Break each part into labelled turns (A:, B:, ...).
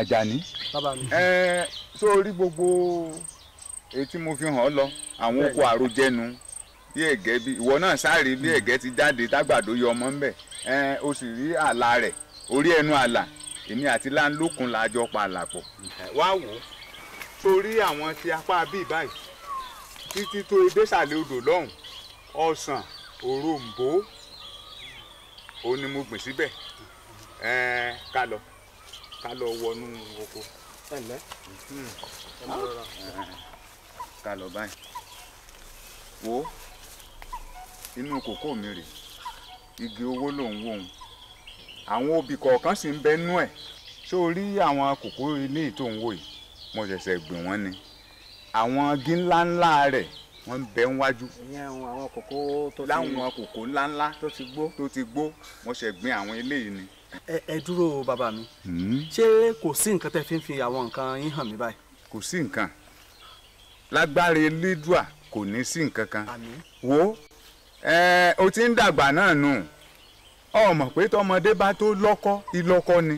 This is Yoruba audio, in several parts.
A: Àjàní ẹ sórí gbogbo etí mo fi hàn ọ lọ àwọn oko àròjẹnu bí ẹ̀gẹ́ bí ìwọ náà sáré bí hmm. ẹ̀gẹ́ ti jáde tágbàdo yọ ọmọ ńbẹ ẹ o sì rí àlà rẹ orí ẹnu àlà èmi àti láńlókun la jọ pa àlà pọ̀. wá wò ó torí àwọn ti apá bíi báyìí títí tó désàlẹ̀ odò lọ́hùn ọsàn òrombó òun ni mo gbìn síbẹ̀ ẹ ká lọ ká lọ wọnú oko. ẹ ǹlẹ́ ẹ mọ rọra. ká lọ báyìí wo inú kòkó mi rè igi owó lòún wò ó àwọn obì kọ̀ọ̀kan sì ń bẹ nú ẹ̀ ṣó o rí àwọn kòkó ilé tó ń wò yìí mo ṣẹ̀ṣẹ̀ gbìn wọ́n ni àwọn igi ńláńlá rẹ̀ wọ́n ń bẹ níwájú. láwọn kòkó ńláńlá tó tó ti gbó mo ṣẹ̀ gbìn àwọn eléyìí ni ẹ dúró bàbá mi hmm? ṣé kò sí nǹkan tẹ́ fi ń fi àwọn nǹkan yín hàn mí báyìí. kò sí nǹkan lágbára elédùà kò ní sí nǹkan kan wo ẹ o ti ń dàgbà náà nù ọmọ pé tọmọdé bá tó lọ́kọ ìlọ́kọ ni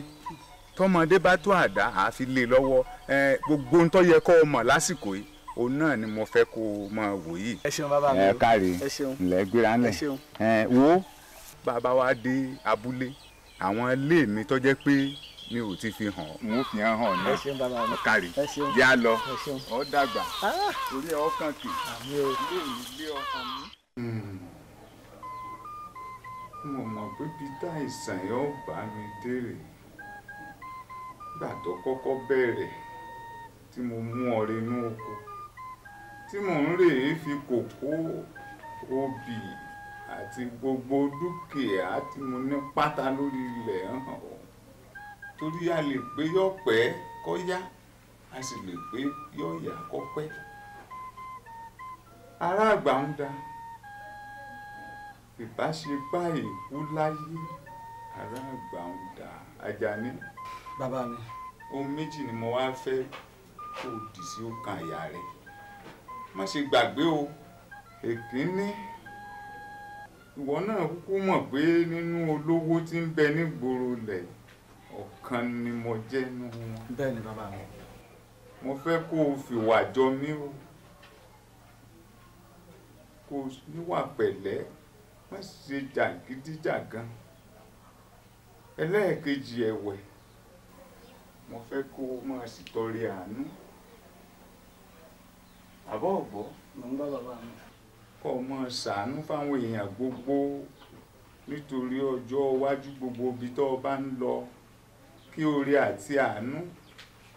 A: tọmọdé bá tó àdá àfi lé e lọ́wọ́ ẹ gbogbo ń tó yẹ kó o lásìkò yìí òun náà ni mo fẹ́ kó o máa wò yìí. ẹ ṣeun bàbá mi o ẹ káre ẹ ṣeun ńlẹ gbéra ńlẹ ẹ wo bàbá wa dé abúlé àwọn ilé mi tó jẹ́ pé mi ò ti fi hàn mo fi hàn hàn náà ọ̀kàrí yá lọ ọ̀ dàgbà ah! orí ọ̀ kàn kì ilé mi lé ọkàn mi. Hmm. mo mọ̀ pé peter àìsàn yóò bá mi dèrè gbà tó kọ́kọ́ bẹ̀rẹ̀ tí mo mú ọ̀rẹ́ inú oko
B: tí mò ń rèé fi
A: kòkó obì àti gbogbo dúkìá tí mo ní pátá lórí ilẹ̀ hàn ọ́ torí a lè pé yọ pẹ́ kọ́ yá a sì lè pé yọ yá kọ́ pẹ́ ará àgbà ń da ìbáṣepá ìkú láyé ará àgbà ń da Àjàní. bàbá mi. ohun méjì ni mo wá fẹ́ kó o dì sí ọkàn àyà rẹ má ṣe gbàgbé o èkínní. E ìwọ náà kúkú mọ̀ pé nínú olówó tí ń bẹ nígboro lẹ̀ ọ̀kan ni mo jẹ́ nínú wọn. bẹ́ẹ̀ ni bàbá mi. mo fẹ́ kó o fìwà jọ mí o kó o níwà pẹ̀lẹ́ má ṣe jàgídíjàgan ẹlẹ́ẹ̀kejì ẹ̀wẹ̀ mo fẹ́ kó o máa ṣètọrẹ àánú àbọ̀ ọ̀gbọ́. mo ń bá bàbá mi kọ́ mọ́ ṣàánú fáwọn èèyàn gbogbo nítorí ọjọ́ iwájú gbogbo ibi tó o bá ń lọ kí oore àti àánú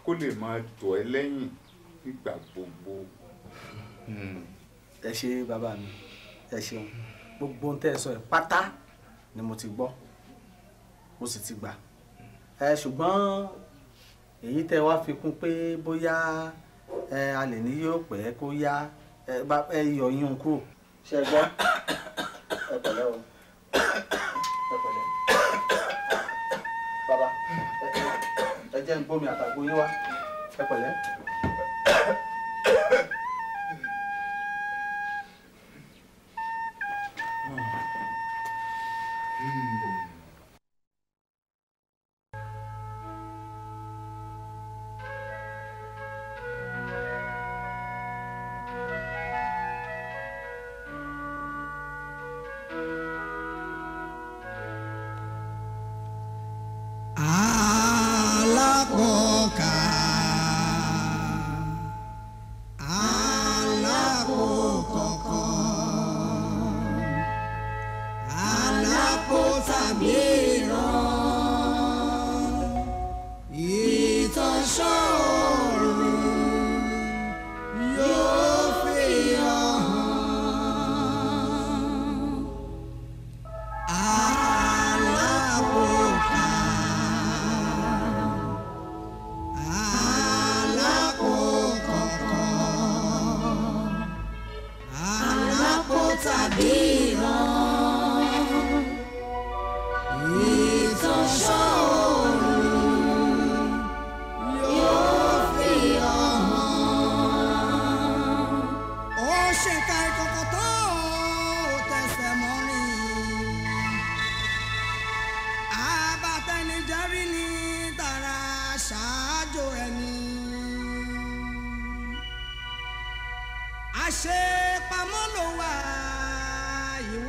A: kó lè máa tọ̀ ẹ́ lẹ́yìn nígbà gbogbo. ẹ ṣe bàbá mi ẹ ṣeun gbogbo ohun tẹ́ ẹ sọ ẹ pátá ni mo ti gbọ́ mo sì ti gbà ẹ ṣùgbọ́n èyí tẹ́ wá fi kún pé bóyá ẹ a ní yóò pẹ́ kó yá ẹ yọ yín kúrò ṣe gbọ́
B: ẹ pẹ̀lẹ́ o ẹ pẹ̀lẹ́
A: bàbá ẹ jẹ́ ń gbómi àtàgbo yín wá ẹ pẹ̀lẹ́.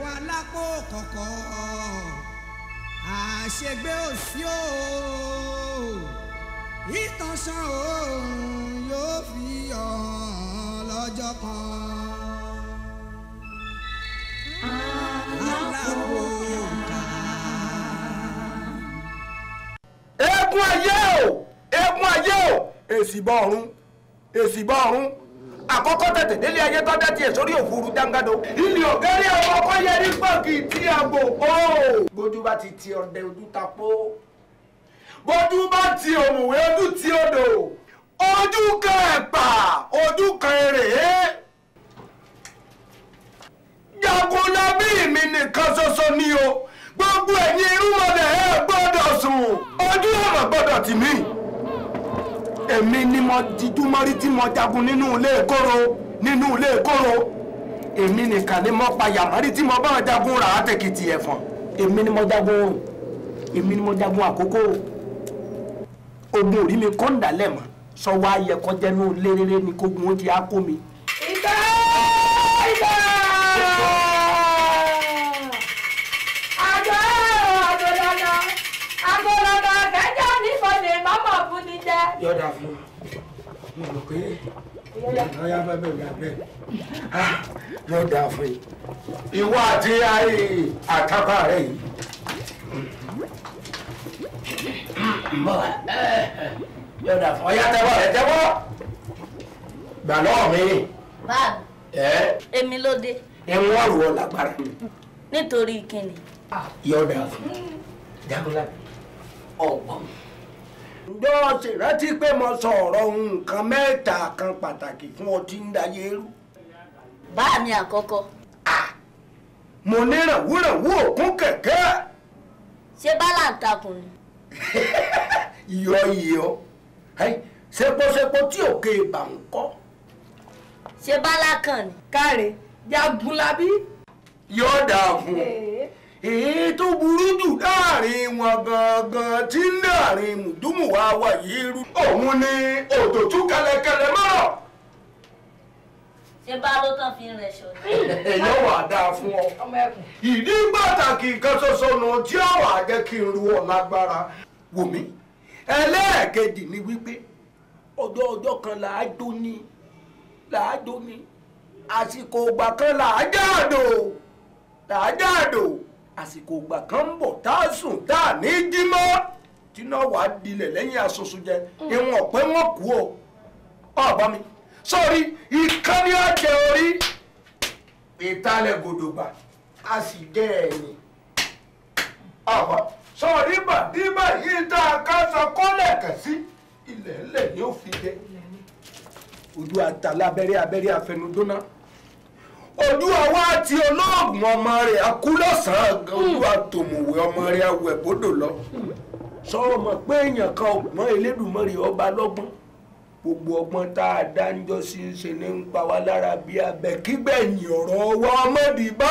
A: wa lápò kọ̀kọ̀ àṣegbé òsì o ìtànṣán òòrùn
B: yóò fi hàn lọ́jọ́ kan.
A: egun ayé o egun ayé o èsì bọ̀ ọ̀run èsì bọ̀ ọ̀run àkọ́kọ́ tẹ̀tẹ̀ délé ayé tó dẹ́ tiẹ̀ sórí òfurufú dáńgádó.
B: ilé ọ̀gẹ́rẹ́ ọmọ ọkọ yẹ ní pàǹkì
A: tí a bò ó. gbójú bá ti ti ọ̀dẹ ojú ta pó bójú bá ti òmùwé ojú ti odò ojú kan ẹ̀pà ojú kan èrè. jagunlabi mi nìkan ṣoṣo ni o gbogbo ẹ̀yin irúmọlẹ̀ ẹ̀ gbọ́dọ̀ sùn ojú ọ̀nà gbọ́dọ̀ tì mí èmi ni mo ti mọ́rí tí mo jagun nínú ilé ìkóró nínú ilé ìkóró èmi nìkan ni mo pa yàmọ́rí tí mo bá wọn jagun rà á tẹ̀kìtì ẹ̀fọ̀n èmi ni mo jagun oòrùn èmi ni mo jagun àkókò ogun orí mi kọ́ ń sọ wá yẹ kọjá ní oléréré ni kógun ó ti á kó mi. ìgbà. yọ̀dà fún mi mọ̀ pé ọ̀yá bẹ́ẹ̀ bẹ́ẹ̀ bẹ́ẹ̀ ah, yọ̀dà fún yìí ìwọ àti àtàkọ́ rẹ̀ yìí. Eh, yọ̀dà fún ọ̀yá tẹ́wọ́ rẹ̀ tẹ́wọ́ gbà lọ́wọ́ mi. báàbù eh?
C: èmi ló dé. ẹ ń wọ́n rù ọ lágbára. nítorí kíni. Ah,
A: yọ̀dà fún jagunlabi ọgbọ́n ǹjọ́ ṣèrántí pé mo sọ̀rọ̀ nǹkan mẹ́ta kan pàtàkì fún ọtí ń dayé rú. bá mi àkọ́kọ́. mo ní ràwúràwú òkun kẹ̀kẹ́. ṣé
C: bálàǹtakùn ni.
A: iyọ̀ iyọ̀ seposepo tí òkè ìbà ń kọ́. ṣé bálákàn ni. káre jagunlabi. yóò dáa fún un. èyí tó burú jù láàrin wọn gangan tí ń láàrin mùdúmùwá wa yìí rú. òun ni òtòtú kẹlẹkẹlẹ mọ́rọ̀.
C: ṣé bá ló tán fi ń rẹ̀ ṣọ.
A: èyí wà dáa fún ọ. ìdí pàtàkì kan ṣoṣo nù tí ó wà jẹ́ kí n ru ọ lágbára wò mí. ẹlẹ́ẹ̀kejì ni wípé ọjọ́ ọjọ́ kan làá jó ní làá jó ní àsìkò ìgbà kan làá jáàdò làá jáàdò. àsìkò ìgbà kan ń bọ̀ tá a sùn tá a ní jí mọ́ tíná wàá dilẹ̀ lẹ́yìn asoso jẹ mm. ìwọ̀n ọ̀pẹ wọn kú o ọ̀bọ mi sọ́ọ́rí ìkànnì àjẹ orí ìtalẹ̀ gòdògbà a sì jẹ́ ẹ̀yìn ọ̀bọ sọ́ọ́rí bàdíbà yìí tá a ká sọ kọ́lẹ̀ kẹ̀ sí ilẹ̀ ńlẹ̀ ni ó fi jẹ ojú àtàlábẹ́rẹ́ abẹ́rẹ́ afẹnudóná. ojú wá ati olóògùn ọmọ rẹ̀ akúlọ̀sán hmm. ojú tòmùwé ọmọ rẹ̀ awẹ̀ bódò lọ sọ̀rọ̀ hmm. mọ̀ pé èèyàn kan ọgbọ́n ọba lọ́gbọ́n gbogbo ọgbọ́n tá a dá sí ń ṣe ní ń pa wá lára bí abẹ ọmọdé bá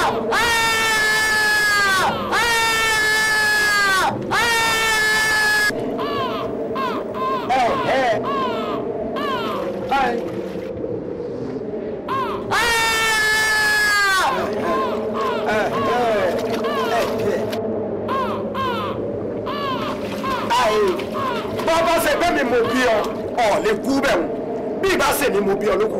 A: bọ́ bá ṣe pé mi mo bí ọ ọ̀ lè kú bẹ̀rù bí ìbá ṣe mi mo bí ọ ló kù.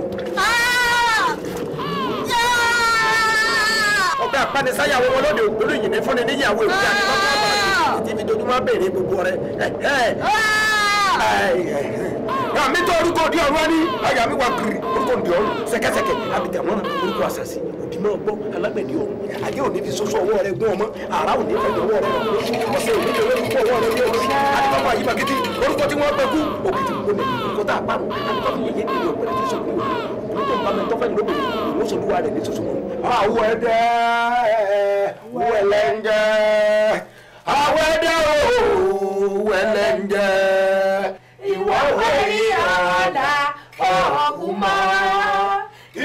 A: bá ní wọn lóde ògbóló yìí ní fúnni níyàwó ìwé àti bàbá àgbà ah! tí fi dojúmọ́ béèrè gbogbo rẹ. Nka mi tọ orúkọ di ọ̀run ani àyà mi wà kiri orúkọ di ọ̀run sẹ̀kẹ̀sẹ̀kẹ̀ abidjan orúkọ asasi òbí mọ gbọ alágbẹ̀dẹ ọ̀run ayé òní fi soso ọwọ́ rẹ gún ọmọ ara òní fẹ́ dọwọ́ rẹ ọsẹ òní fẹ́ orúkọ ọwọ́ rẹ yẹ ọsẹ adibaba ayibagidi orúkọ tí wọ́n bẹ kú òkìtì òní orúkọ tá a parun tó ń bá mi tọ́fẹ́ lóbi òun ṣe olúwa rẹ̀ ní tuntun mọ́. àwẹ̀dẹ wẹ̀lẹ́ńgẹ́ àwẹ̀dẹ wẹ̀lẹ́ńgẹ́ ìwọ wẹ̀rí ọ̀la ọ̀gùn mọ́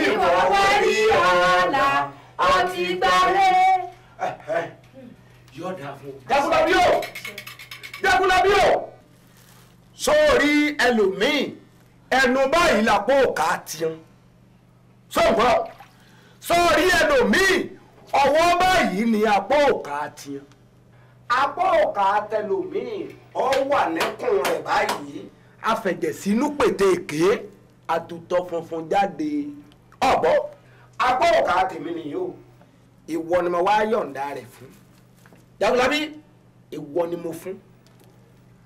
A: ìwọ wẹ̀rí ọ̀la ọtí gbàrẹ́. yóò dà sórí ẹlòmíì ẹnu báyìí làpò ká tiẹ̀ sọ̀gbọ́ sọ̀rí ẹlòmíì ọwọ́ báyìí ni apá òkà tiẹ̀ apá òkà tẹlòmíì ọ wà lẹ́kùn rẹ̀ báyìí afẹ̀jẹ̀sínú pètèké àtútọ́ funfun jáde ọ̀bọ apá òkà tèmi nìyí o ìwọ ni mo wá yọ̀ǹda rẹ̀ fún jagunlabi ìwọ ni mo fún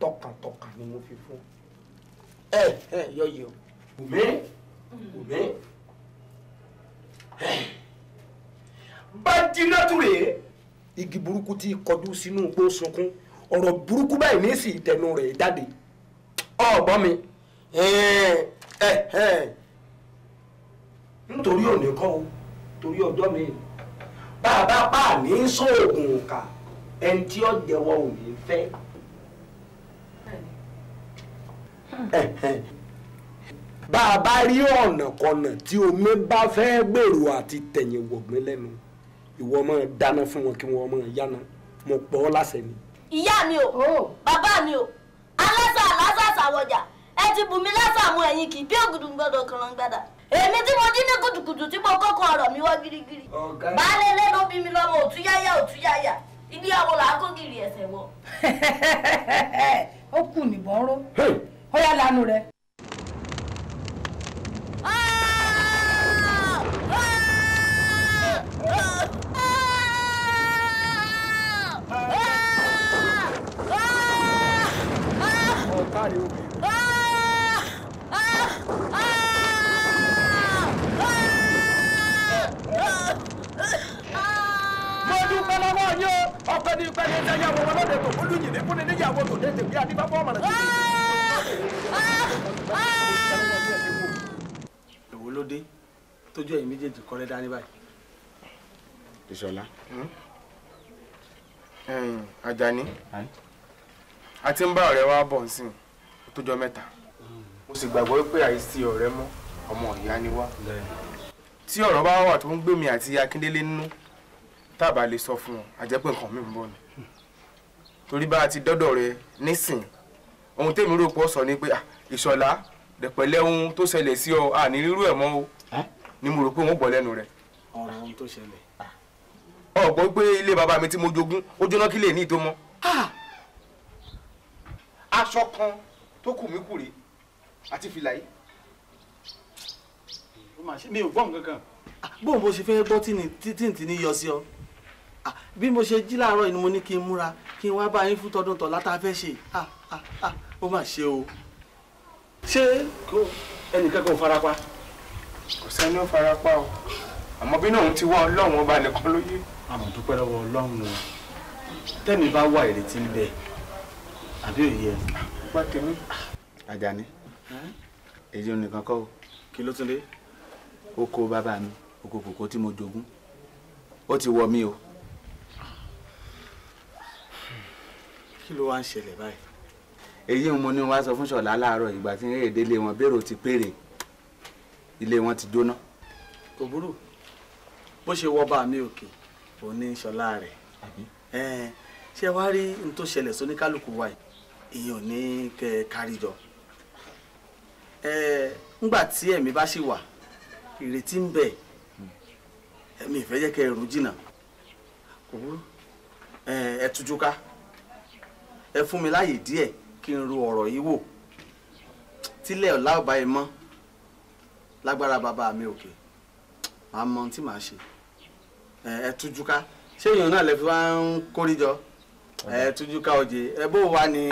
A: tọkàntọkàn ni mo fi fún ẹ ẹ yọ yìí o. Omi, omi. jìnnàtù rèé igi burúkú ti kọjú sínú igbó sunkún ọ̀rọ̀ burúkú báyìí ní sì tẹnu rẹ̀ jáde ọ̀gbọ́n mi nítorí òní kọ́ o torí ọjọ́ mi bàbá pààní sóògùn òkà ẹni tí ó jẹ́wọ́ òní fẹ́ bàbá rí ọ̀nà kọ̀nà tí omi bá fẹ́ gbèrò àti tẹ̀yìn wọ̀gbìn lẹ́nu. ìwọ máa dáná fún wọn kí wọn máa yáná mo pọ ọ́ láṣẹ ni.
C: ìyá mi o oh. bàbá mi o alásà alásà àsàwọ̀jà ẹ ti bù mí lásà mú ẹ̀yìn kì í bí ògùdùn gbọdọ̀ kàn gbàdà èmi tí mo dín ní kùtùkùtù tí mo kọ́kọ́ ọ̀rọ̀ mi wá gírígírí baálé ilé ló bí mi yáyà òtúyáyá yáyà ilé àwọn làákò gìrì ẹ̀sẹ̀ wọ. ó kù nìbọn ró ó yá lanu rẹ.
B: pariu. Ah! Ah! Ah!
A: Mo dúpẹ́ lọ́wọ́ yín o, ọpẹ́ ní pẹ́ ní ẹja yàwó wọn lóde tó olú yìí nípúni níyàwó tó dé tèmi àti bàbá ọmọ rẹ̀. Èwo ló dé tójú ẹ̀yin méjèèjì kọ́rẹ́ dání báyìí? Ìṣọ̀lá. Hmm? Àjàní, a ti ń bá ọ̀rẹ́ wa bọ̀ nsìn tó jọ mẹ́ta mo sì gbàgbọ́ pé àìsí ọ̀rẹ́ mọ́ ọmọ ìyá ni wá tí ọ̀rọ̀ bá wà tó ń gbé mi àti Akíndélé nínú tá a bá lè sọ fún ọ àjẹpẹ́ nǹkan mi ń bọ̀ ni torí bá a ti dọ́dọ̀ rẹ nísìn ohun tèmi rò pọ̀ sọ ni pé ah, Ìṣọ̀lá dẹ̀pẹ̀lẹ́ ohun tó ṣẹlẹ̀ sí ọ àní rírú ẹ̀ mọ́ o ni mo rò pé òun gbọ́ lẹ́nu rẹ.
B: ọ̀rọ̀ ohun tó ṣẹlẹ̀.
A: ọ̀pọ̀ pé ilé bàbá mi tí mo jogún ó jóná kí lè ní ìtò mọ́. Ah! aṣọ kan tó kù mí kù àti fìlà ó mà ṣe mi ò gbọ́ nǹkan kan. bóun ah, bó ṣe fẹ́ gbọ́ tíǹtì ní yọ sí ọ ah, bí mo ṣe jí láàárọ̀ ni mo ní kí n múra kí n wá bá yín fún tọdún tọ̀ látà ṣe ah, ó mà ṣe o. ṣé ẹnìkan kò farapa. kò sẹ́ni ó farapa o àmọ́ bí náà ti wá ọlọ́run ọba nìkan ló yé. àmọ́ dúpẹ́ lọ́wọ́ ọlọ́run o tẹ́mi bá wà ìrètí ń bẹ àbí òye gba tèmi. Àjàní èyí nìkan kọ́ o. kí ló tún dé. oko bàbá mi oko kòkó tí mo jogún ó ti wọ mí o. kí ló wá ń ṣẹlẹ̀ báyìí. èyí mo ní wàá sọ fún ṣọlá láàárọ̀ ìgbà tí eré ìdílé wọn bèrò ti péré ilé wọn ti jóná. kò burú bó ṣe wọ bá mi òkè òun ní ṣọlá rẹ̀ ṣé wàá rí n tó ṣẹlẹ̀ sóníkálukú wa yìí ìyẹn ò ní kẹ kárí jọ ńgbà tí ẹ̀mí bá ṣì wà ìrètí ń bẹ ẹ̀mí ìfẹ́ jẹ́ kẹ ẹ̀rù jìnnà kò burú ẹ tujú ká ẹ fún mi láàyè díẹ̀ kí n ro ọ̀rọ̀ yìí wò tílẹ̀ ọ̀la ọ̀bá ẹ mọ́ lágbára bàbá mi òkè màá mọ ohun tí màá ṣe ẹ tujú ká ṣé èèyàn náà lè fi wá ń kórìjọ ẹ tújú ká òjè ẹ bó wa ni.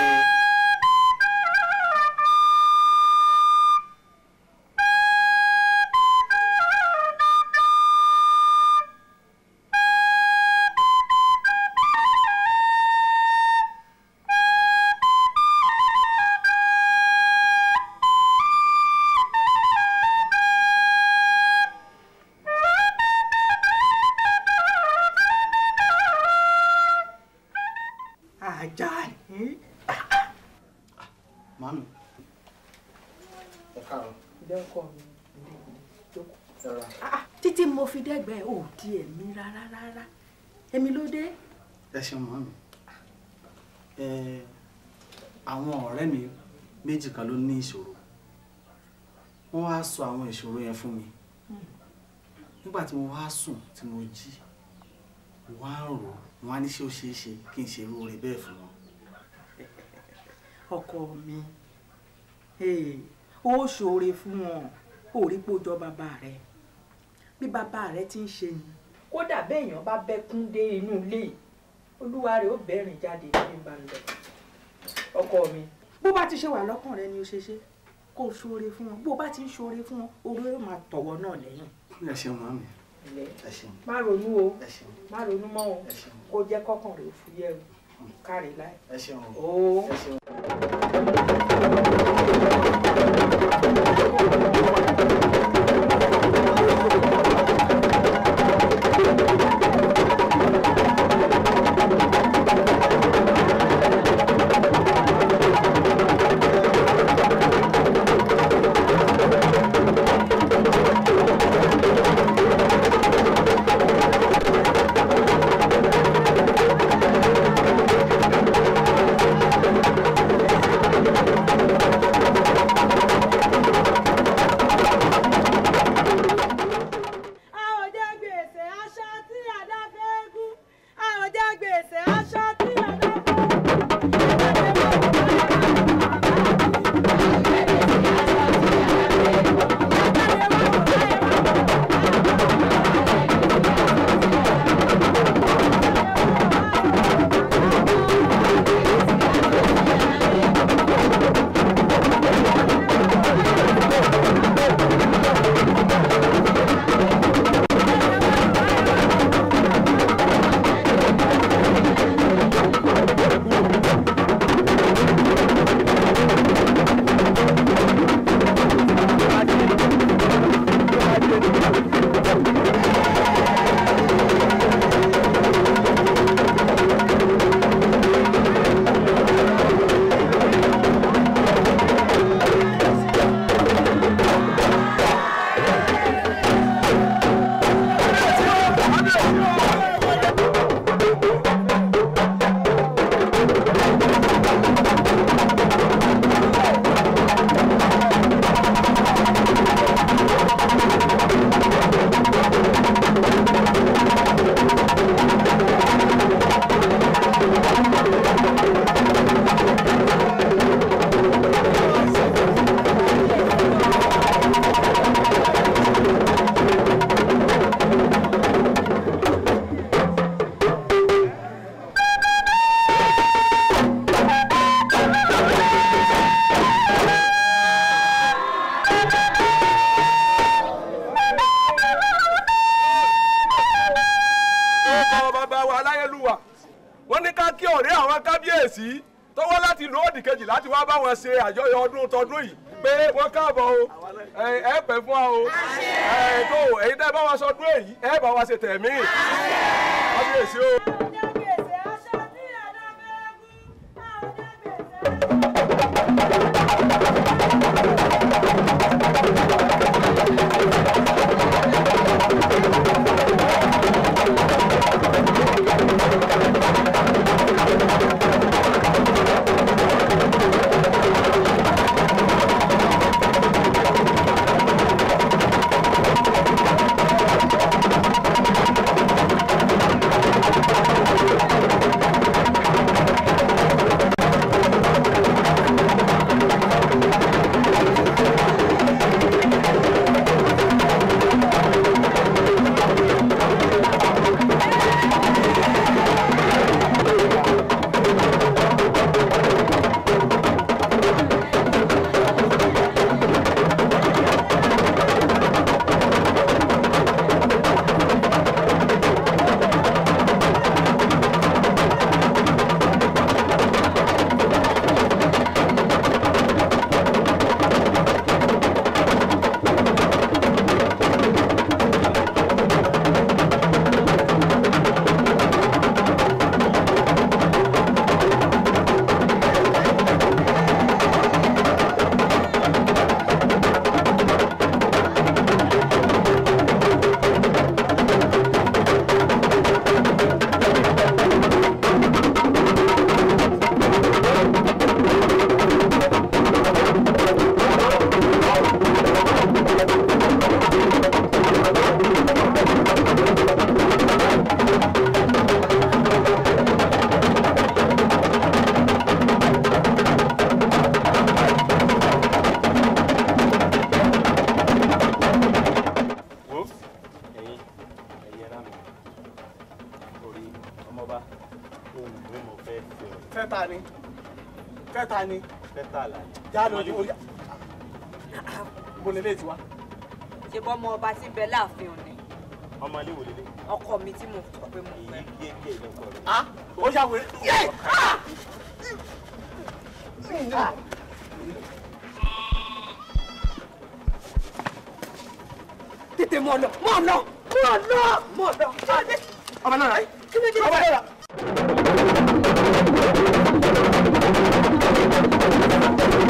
A: dẹ́gbà ẹ̀ ò di ẹ̀mí rárá rárá ẹ̀mí ló dé. ẹ ṣeun mọ́ mi àwọn ọ̀rẹ́ mi méjì kan ló ní ìṣòro wọ́n wá sọ àwọn ìṣòro yẹn fún mi nígbà tí mo wá sùn tí mo jí wá rò wọ́n á ní ṣé ó ṣeé ṣe kí n ṣe irú rẹ̀ bẹ́ẹ̀ fún wọn. ọkọ mi eh, ó ṣoore fún wọn ò rí pé ó jọ bàbá rẹ̀ bí bàbá rẹ ti ń ṣe ni. kódà béèyàn bá bẹ́kún dé inú ilé yìí olúwa rẹ̀ ó bẹ́rìn jáde ní ìbànújẹ́ ọkọ mi. bó bá ti ṣe wà lọ́kàn rẹ ni o ṣe ṣe kó o ṣoore fún wọn bó bá ti ń ṣoore fún wọn orí yóò máa tọ̀wọ́ náà lẹ́yìn. ẹ ṣeun màmí ẹ má ronú o má ronú mọ́ o kó jẹ́ kọ́kàn rẹ̀ ó fúyẹ́ o kárí láì. ẹ ṣeun o jẹ́ ọ̀rẹ́ àwọn kábíyèsí tó wá láti ìlú òdì kejì láti wá bá wọn ṣe àjọyọ̀ ọdún tọdún yìí pé wọ́n káàbọ̀ o ẹ pẹ́ fún wa o ẹ tó èyí tẹ́ bá wa sọdún èyí ẹ bá wa ṣe tẹ̀mí
B: kábíyèsí o.
A: já lọ ní orí mo lè lè tiwa.
C: ṣe bọ́ ọmọ ọba tí bẹ́ẹ̀ láàfin òní.
A: ọmọ ilé wò lélẹ̀. ọkọ mi tí mo sọ pé mo fẹ́. iye iye iye ọkọ rẹ. a ó yà wẹ̀rẹ̀. tètè Ah, eh,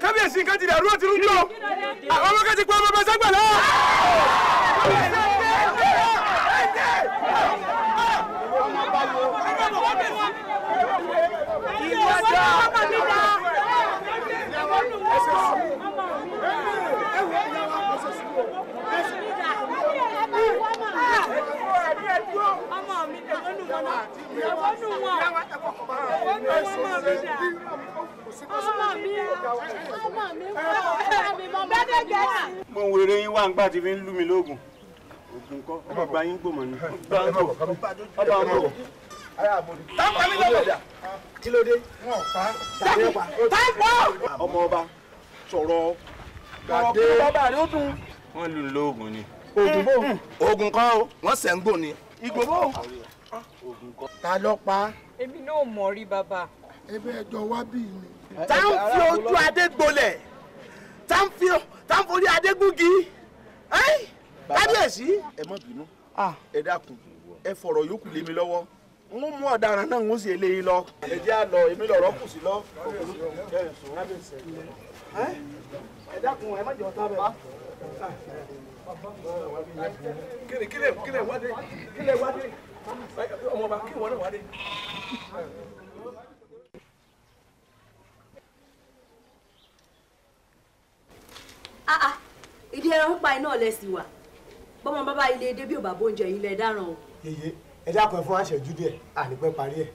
A: kábíyèsí nǹkan ti dàrú ó ti rújọ àwọn ah, ọmọ kan ti pa ọmọ bàbá ságbà náà.
B: ọmọ mi ẹ̀wọ́n nù wọn náà ẹ̀wọ́n nù wọn ẹ̀wọ́n nù wọn mọ̀ mi dà ọmọ mi ọmọ mi
C: ọmọ mi mọ̀ bẹ́ẹ̀ gẹ̀ẹ́sì.
B: mo ń wèrè yín wá ń
A: gbà tí fi ń lù mí lóògùn oògùn kọ́ ọmọ gba yín gbòmọ̀ ni ọba ọmọ táwọn mi lọ́wọ́ kí ló dé wọn pa táwọn ọmọ ọba sọ̀rọ̀ ọ̀rọ̀ kí ọba rẹ̀ ó dùn. wọ́n lù lóògùn ni. oògùn bò mm, mm. oògùn kọ́ o wọ́n sẹ̀ ń gbò ni ah, ta ló pa. èmi náà mọ̀ rí bàbá. ebe ẹjọ́ wá bí mi. ta ń fi ojú adé gbolẹ̀ tá ń fi tá ń forí adé gúngi kábíyèsí. ẹ má bínú ah. ẹ dákun ẹ yòókù lé mi n ó mú ọ̀daràn kílẹ̀ kílẹ̀ kílẹ̀ wádé kílẹ̀ wádé ọmọọba kí wọn náà wádé. ìdí ah, ah, ẹran pa iná
C: lẹ́sìn wà bọ́mọ bàbá ilé èdè bí ò bàbá oúnjẹ yìí lẹ dáràn o.
B: yeye
A: ẹ dákun ẹ fún àṣẹjú díẹ̀ ànípẹ́ parí ẹ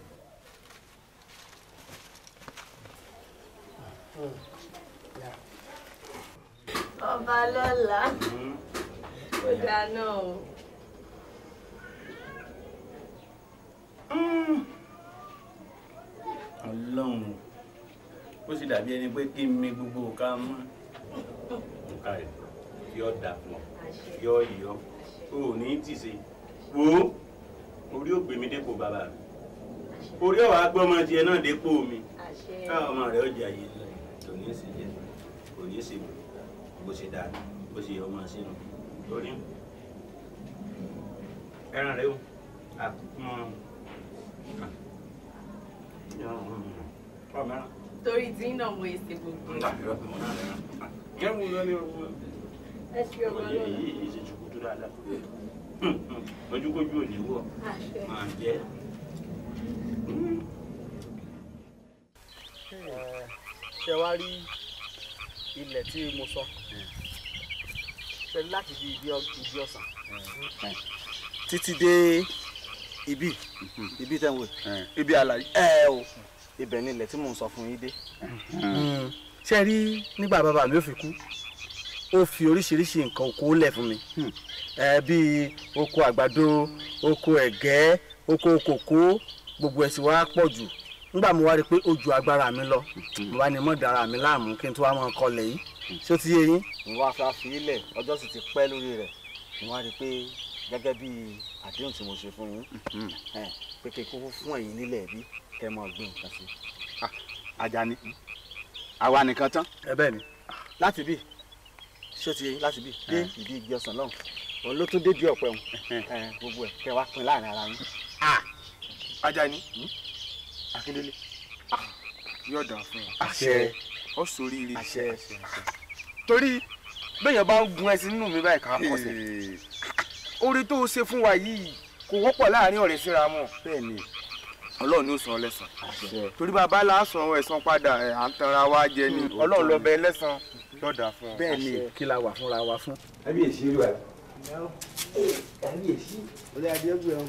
B: ọba lọ́la hmm. ó
C: dáná o.
B: Hmm.
A: ọlọ́run ó sì dàbí ẹni pé kí n mi gbogbo ká mọ́ nǹka rẹ̀ yọ dà fún ọ yọ yọ o ò ní tìṣe wo orí ò gbé mi dépò bàbá mi orí ọ̀wá gbọ́mọ tiẹ̀ náà dépò mi káwọn ọmọ rẹ̀ ọjà yìí kò ní í jẹ kò ní í ṣe bó ṣe dáa bó ṣe yẹ ọmọ sínú lórí ẹran rẹ o àkùnmọ
C: torí tí ń dàn mọ èsì gbogbo.
A: kẹ́mu ló ní ọmọ
C: ẹ ṣe ọmọ lọ́nà.
A: èsì jù kú tó dáadáa ojúkójú ò ní wọ̀ máa jẹ́. ṣé wàá rí ilẹ̀ tí mo sọ pẹ̀lú láti di ibi ọ̀sán títí dé ibi ibi tẹ̀ ń wò ibi àlàyé ẹ o ibẹ̀ ni ilẹ̀ tí mò ń sọ fún yín dé. ṣé ẹ rí nígbà bàbá mi ò fi kú ó fi oríṣiríṣi nǹkan oko lẹ̀ fún mi bíi oko àgbàdo oko ẹ̀gẹ́ oko kòkó gbogbo ẹ̀ sì pọ̀ jù nígbà mo wá rí i pé ó ju agbára mi lọ mo wá ní mọ̀dára mi láàmú kí n tó wá mọ kọlẹ̀ yìí ṣé ó ti yé yín. mo wá fẹ́ fi ilẹ̀ ọjọ́ sì ti pẹ́ lórí rẹ̀ mo wá rí i pé gẹ́gẹ́ bí àdéhùn tí mo ṣe fún yín mm-hmm. pé kí n kúkú fún ẹ̀yin nílẹ̀ bí kẹ́ ẹ mọ̀ gbé nǹkan sí. Àjàní àwa nìkan tán. ẹ bẹ́ẹ̀ ni. Ah. láti bí ṣé ó ti yé yín láti bí dé ìdí igi ọsàn lọ́hùn òun ló tún dé bí ọ̀pẹ̀ òun gbogbo akíndélé ah, yóò dà fún ọ. àṣẹ ọ sórí ire. àṣẹ torí bẹ́ẹ̀yàn bá ń gun ẹsẹ̀ nínú mi báyìí ká kọsẹ̀ oore tó o ṣe fún wa yìí kò wọ́pọ̀ láàrin ọ̀rẹ́ síra mọ́. bẹ́ẹ̀ni ọlọ́run ni ó san lẹ́san torí bàbá là á san ẹ̀san padà à ń tanra wa jẹ ni ọlọ́run lọ bẹ lẹ́san lọ́dà fún ọ. bẹ́ẹ̀ni kí la wà fúnra wa fún. ẹbí èsì rẹ ẹbí èsì olè adé gbé ọ.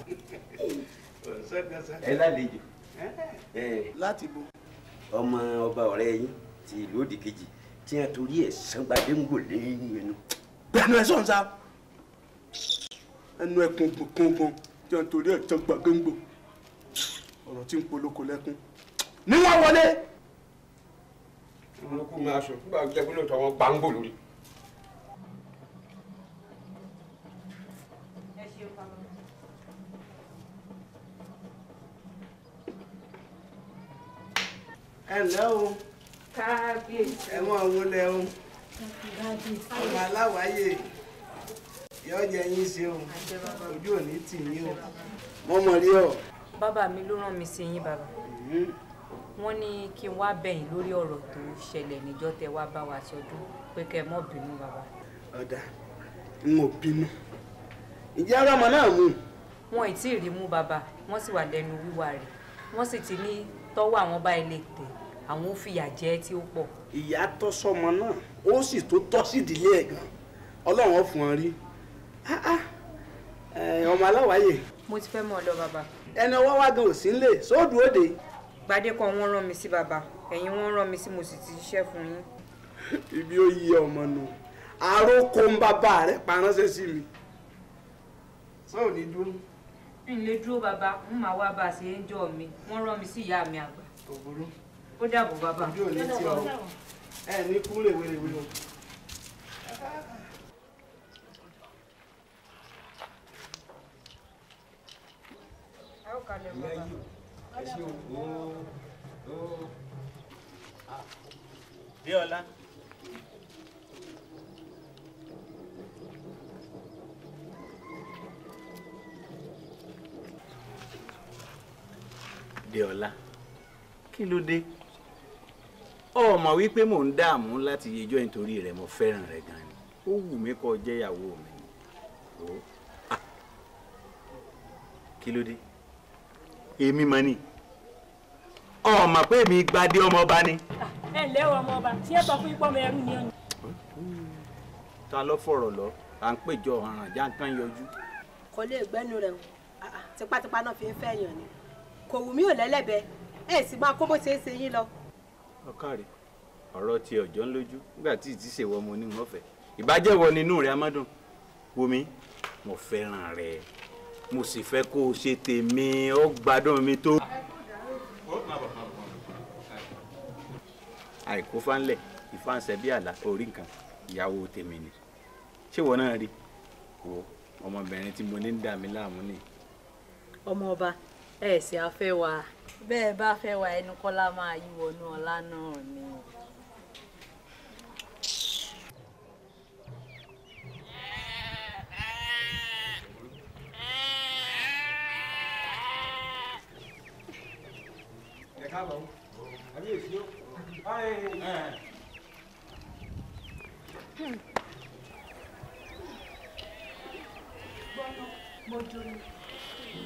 A: ẹ lálejò láti bo. ọmọ ọba ọ̀rẹ́ yín ti ìlú òdì kejì tí wọ́n torí ẹ̀ sangbadé ń gò lẹ́yìn ẹnu. bẹ́ẹ̀ni ẹ sọ̀n sá ẹnu ẹ kùnkùn kùnkùn tí wọ́n torí ẹ̀ sangbadé ń gò ọ̀rọ̀ tí ń polóko lẹ́kún. níwọ̀n wọlé. olùkú máa sọ fún bàbá jẹ́ pé lóòótọ́ wọn gbàǹgbò lórí. Hello. ǹlẹ́ o kábíyèsí ẹ mọ̀ owó lẹ o ọmọ aláwáyé yóò jẹ yín ṣe o ojú òní tì yín o mo mọ̀ rí ọ. bàbá mi ló rán mi sí yín bàbá mhm. wọ́n ní kí n wá bẹ̀yìn lórí ọ̀rọ̀
C: tó ṣẹlẹ̀ níjọ́ tẹ wá bá wa sọdún pé kẹ́ mọ́ bínú bàbá.
B: ọ̀dà
A: n ò bínú ìjẹ́ ọlọ́mọ náà mú. wọn ì tí ì rí mú bàbá wọ́n sì wà lẹ́nu wíwá rẹ̀ wọ́n sì ti ní tọ́wọ́ àwọn bá ilé tẹ̀ àwọn ó fìyà jẹ tí ó pọ̀. ìyá tọ́ sọmọ náà ó sì tó tọ́ sí ìdílé ẹ̀ gan ọlọ́run ó fún ọ rí ah, ah. ọmọ aláwáyè. mo ti fẹ́ mọ̀ ọ lọ bàbá. ẹni ọwọ́ wa gan ò sí nílé sóòdù òde.
C: gbadeko wọn rán mi sí bàbá ẹ̀yin wọn rán mi sí mo sì
A: ti ṣiṣẹ́ fún yín. ibi ó yí ọmọ nù àròkọ ń bàbá rẹ paránsẹ́ sí mi. sọ́ọ̀ ní dúró n lè dúró bàbá n máa wá bá a ṣe ń jọ mi wọ́n rán mi sí ìyá mi àgbà. kò ó dàbọ̀ bàbá. ojú ò ní ọ ẹ ní kú rèwerèwe o. lẹ́yìn
B: ẹ
A: òkú ó. Ah. Bíọ́lá. Déọlá kí ló dé ọ mọ̀ wípé mò ń dààmú láti yejọ́ nítorí rẹ̀ mo fẹ́ràn rẹ̀ gan ni ó wù mí kó jẹ́yàwó mi o kí ló dé èmi mọ ni ọ mọ̀ pé èmi gbadé ọmọọba ni.
C: ẹ ǹlẹ́ o ọmọọba tí ẹ sọ fún ipò ọmọ ẹrú ni ọ ni.
B: ta ló
A: fọ̀rọ̀ lọ à ń péjọ ọ̀ràn jáǹkan yọjú. kò lè rẹ̀ tipátipá náà fi ń fẹ́ yàn ni kò wù mí ò lẹ́lẹ́bẹ̀ ẹ sì máa kó bó ṣe é ṣe yín lọ. ọkàrẹ ọ̀rọ̀ ti ọjọ́ ń lójú nígbà tí ìtì ṣèwọ ọmọ onímọ̀ ọ̀fẹ́ ìbájẹ́wọ nínú rẹ amádùn wumi mo fẹ́ràn rẹ mo sì fẹ́ kó o ṣe tèmi ó gbádùn mi tó. àìkú fánlẹ̀ ìfáǹsẹ̀ bí àlà orí nǹkan ìyàwó tèmi ni ṣé ìwọ náà rí wo ọmọbìnrin tí mo ní ń dà mí láàmú ni. ọmọ ọba
C: ẹ sì á fẹ́ wa. bẹ́ẹ̀ bá fẹ́ wa ẹnu kọ́lá máa yí wọnú ọlá náà ni.
A: káàbọ̀ àbí èsì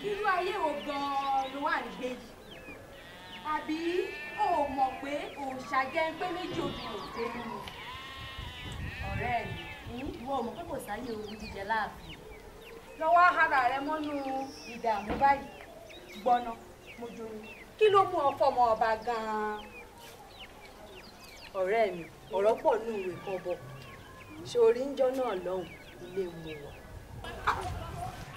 C: irú ayé wo gan-an ló wà ń gbé yìí àbí o mọ̀ pé òòṣà jẹ́ pé méjì obì ò pé nù. ọ̀rẹ́ mi ìwọ mọ̀ pé kò sáyé ohun jíjẹ láàfin lọ́wọ́ ara rẹ mọ́nú ìdààmú báyìí gbọ́nà
A: mo joyè kí ló mú ọkọ ọmọ ọba gan-an. ọ̀rẹ́ mi ọ̀rọ̀ pọ̀ ní ìwé kan bọ̀ ṣorí ń jọ́ náà lọ́hùn ilé
B: mu wọ̀.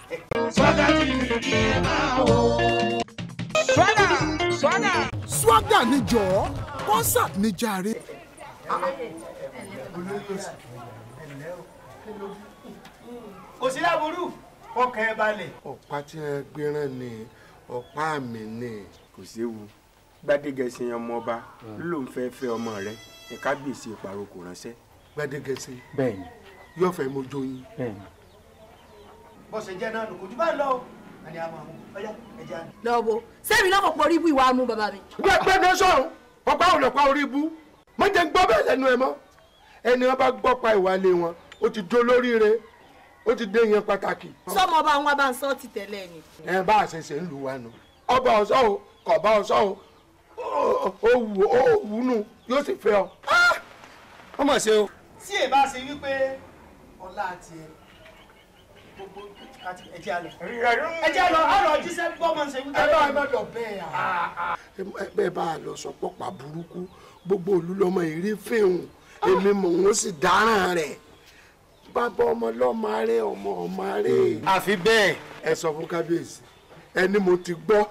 B: Swagga, swagga, swagga, máa wò.
A: Swagger Swagger. Swagger ni jọ̀ọ́, concert ni jàre. Kò sí láburú, ọkàn ẹ balẹ̀. Ọ̀pá tí ẹ gbéràn ni ọ̀pá mi ni kò séwu. Gbádégẹṣin ọmọ ọba ló ń fẹ́ fẹ́ ọmọ rẹ̀ ní kábíyèsí ìpàrọ̀ kò ránṣẹ́. Gbádégẹṣin. Bẹ́ẹ̀ni. Yóò fẹ́ mojú yín. Bẹ́ẹ̀ni bọ́sẹ̀ jẹ́ náà nù kò jù bá lọ àní àmọ́ àwọn ọ̀yá ẹ̀jẹ̀ àná. lọ́wọ́ sẹ́mi náà kò pọ̀ orí ibú ìwà amú bàbá mi. bí ẹgbẹ́ mi sọ̀rọ̀ ọ̀pá ọ̀lọ́pàá orí ibú mo jẹ́ gbọ́ bẹ́ẹ̀ lẹ́nu ẹ mọ́ ẹni wọn bá gbọ́ pa ìwà lé wọn ó ti dó lóríire ó ti dé yẹn pàtàkì. sọmọ bá wọn bá ti tẹ̀lé ni. ẹ bá a ṣe ń lu wa nù ọba ọ̀ṣọ́ o kọ̀ọ̀bá ọ̀ṣọ́ o ó wù ó wù nù yóò sì fẹ́ ọ. ọmọ ah! ṣe o. tí èbá ṣe wípé ọlá tiẹ̀ gbogbo ẹ jẹ́ àlọ́ ẹ jẹ́ àlọ́ àlọ́ jíṣẹ́ gbọ́mọ̀ ẹ bá ẹ bá lọ bẹ́ẹ̀ à. Ah, ah. ẹ bá a lọ sọ pọ́pà burúkú gbogbo òlu lọmọ ìrí fíhùn èmi mọ̀ wọ́n sì dáràn rẹ̀ bàbá ọmọ lọ́mọ rẹ̀ ọmọ ọmọ rẹ̀. Hmm. àfi bẹ́ẹ̀. ẹ sọ fún kábíyèsí ẹni mo ti gbọ́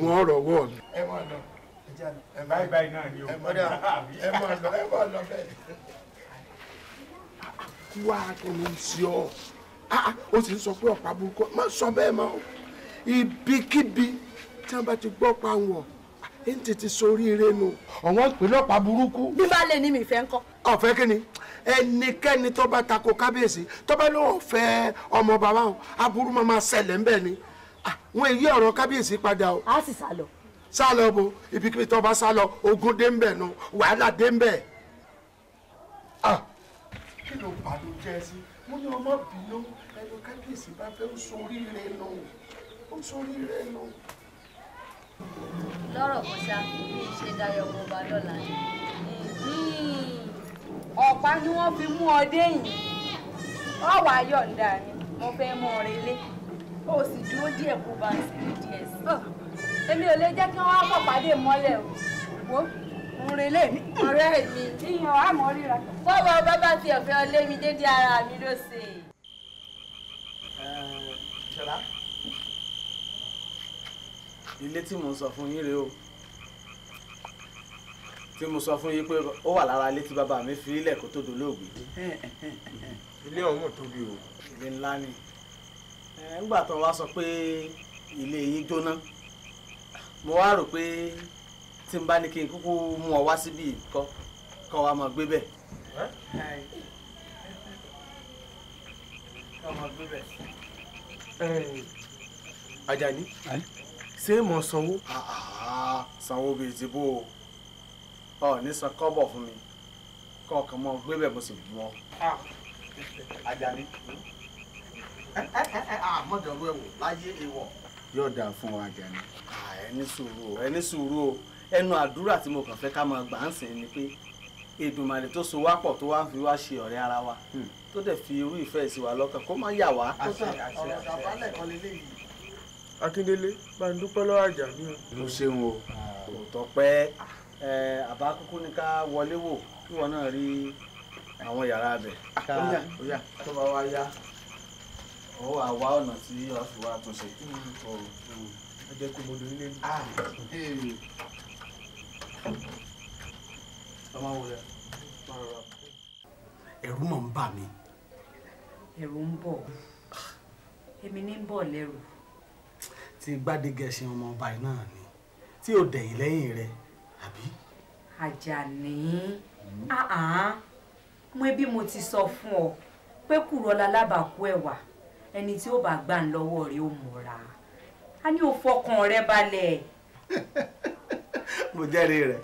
A: wọn rọwọ́ mi. ẹ mọ̀ lọ ẹ mọ̀ lọ ẹ mọ̀ lọ bẹ́ẹ̀. wá kí ni ń ṣe ọ́. Ah, ah, ó sì ń sọ pé ọ̀pá burúkú má sọ bẹ́ẹ̀ mọ́ ibikíbi tí wọ́n bá ti gbọ́ pa wọ̀ ẹ̀ ń tètè soríire nù ọ̀wọ́n ìpínlẹ̀ ọ̀pá burúkú. bí bá
C: lè ní mi ìfẹ́ ńkọ́.
A: ọ̀fẹ́ kí ni ẹnikẹ́ni tó bá tako kábíyèsí tó bá lóun fẹ́ ọmọ bàbá wọn aburú máa máa ṣẹlẹ̀ ńbẹ̀ ni ah, wọn èyí ọ̀rọ̀ kábíyèsí padà o. a sì sá lọ. sá lọ bo ibikíbi tó bá sá lọ ogun dé ńbẹ̀ nu wàhálà dé ńbẹ̀. kí ló bàlú sí mo ní ọmọ bínú kábíyèsí bá fẹ́ ó soríire nù ó soríire nù. lọ́rọ̀ kọjá mi ṣe dayọ̀ ọba lọ́la
C: hmm. ọ̀pá ni wọ́n fi mú ọdẹ yìí ọ wà yọ̀ǹda ni mo fẹ́ mọ relé ó sì dúró díẹ̀ kó bá ń sinmi díẹ̀ sí. èmi ò lè jẹ́ kí wọ́n á pọ̀ pàdé mọ́lẹ̀ o wo mo relé mi. ọ̀rẹ́ mi. ìyàn àmọ́ fọwọ́ bàbá tiẹ̀ fẹ́ ọ lé mi dédé ara mi ló ṣe é.
A: ilé tí mò ń sọ fún yín rèé o tí mo sọ fún yín pé ó wà lára ilé tí bàbá mi fi ilẹ̀ kó tó dolóògbé. ilé ọ̀hún tóbi o. ilé ńlá ni nígbà tó wá sọ pé ilé yín jóná mo wá rò pé tí n bá ní kí n kúkú mú ọ wá síbí kọ kọ wa mọ gbé bẹ̀. Ajani. Ajani ṣé mọ̀ sanwó. Ah, sanwó bíi ti bó o ọ ní san kọ́bọ̀ fún mi kọ́ọ̀kan mọ́ gbé bẹ́ẹ̀ mo sì bí wọn. Ah, Àjàní àmọ́dọ̀rú ẹ̀wò láyé ewọ̀. yóò dáa fún wa Àjàní. Ah, ẹni sùúrù o ẹni sùúrù o ẹnu àdúrà tí mo kàn fẹ́ ká máa gbà ń sìn ni pé Èdùmàrè tó so wá pọ̀ tó wá ń fi wá ṣe ọ̀rẹ́ ara wa hmm. tó dẹ̀ fi irú ìfẹ́ sí wa lọ́kàn kó má yà wá. àṣẹ àṣẹ àṣẹ àbálẹ̀ kan lélẹ́yìí akíndélé bá ń dúpẹ́ lọ́wọ́ àjà mi o. mo ṣeun o kò tọpẹ́ àbá kúkú ní ká wọlé wò kí wọn náà rí àwọn yàrá abẹ. ọyà tó bá wá yá ó wà wá ọ̀nà tí wọ́n fi wá túnṣe. ẹ jẹ́ kó mo lò nílé mi. ẹ̀rù mọ̀ ń bà mí. ẹ̀rù ń bọ̀ èmi ní ń bọ̀ lẹ́rù tí gbádégẹṣin ọmọ ọba yìí náà ni tí o dẹ̀yìn lẹ́yìn rẹ àbí. àjàní
C: mo bí mo ti sọ fún ọ pé kùrọ̀lá lábàkú ẹ̀wà ẹni tí ó bá gbà ń lọ́wọ́ rẹ ó múra a ní o fọkàn rẹ balẹ̀.
A: mo jẹ́rìí rẹ̀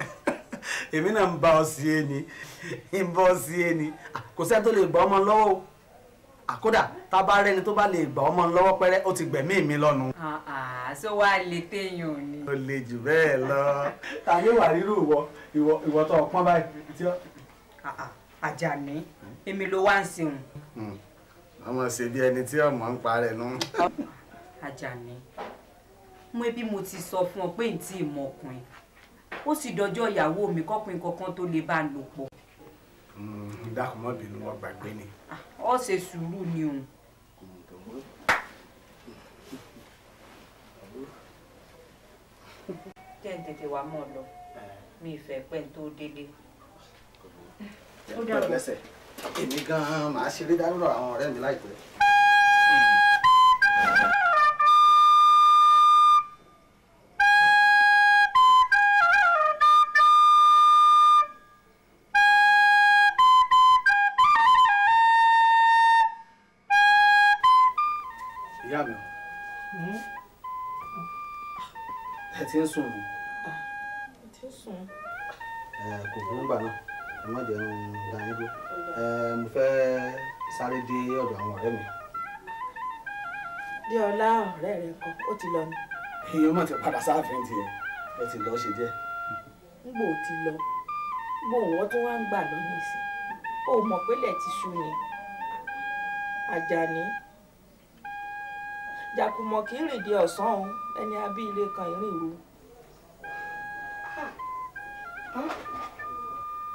A: èmi náà ń bá ọ sí ẹni ń bá sí ẹni ah, kò sẹ́ni tó lè gbà ọmọ lọ́wọ́ o àkódà ah, tá a bá rẹni tó bá lè gbà ọmọ lọ́wọ́ pẹ́rẹ́ ó ti gbẹ̀mí mi lọ́nu. ṣó ah, ah, wá lè téèyàn ni. ó lè jù bẹ́ẹ̀ lọ tàbí wà rírú ìwọ ìwọ ìwọ tó ọpọ́n báyìí tí ó. Àjàní èmi ló wá ń sìn. Hmm. ọmọ ṣe bí ẹni tí ọmọ ń parẹ nù. Àjàní mú ẹbí mo ti sọ fún ọ pé n tí ì mọ ọkùnrin ó sì dọjọ́ ìyàwó mi kọkùnrin kankan tó lè bá a lò pọ̀. Hmm dákun mọ́ bínú wọn gbàgbé ni. ó ṣe sùúrù ni òun. jẹ́ ń tètè wá mọ́ ọ lọ mi ìfẹ́ pẹ́ tó délé. ó dàbọ̀ èmi gan-an màá ṣeré dárúrọ̀ àwọn ọ̀rẹ́ mi láìpẹ́. ti ń sùn. ẹ ah, ti ń sùn. Eh, kò fún gbà náà ẹ má jẹun dánígbó eh, mo fẹ́ sáré dé ọ̀dọ̀ àwọn ọ̀rẹ́ mi. dé ọlá ọ̀rẹ́ rẹ kan ó ti lọ ni. iye mọ̀ ti padà sáàfin tiẹ̀ ó ti lọ ṣe díẹ̀. ń gbò ti lọ bó wọ́n tó wá ń gbà lọ́nà ìsìn ó mọ̀ pé lẹ̀ ti sú ni Àjàní jàkùmọ̀ kì í rìndì ọ̀sán o ẹni abí ilé kan ìrìn ìró.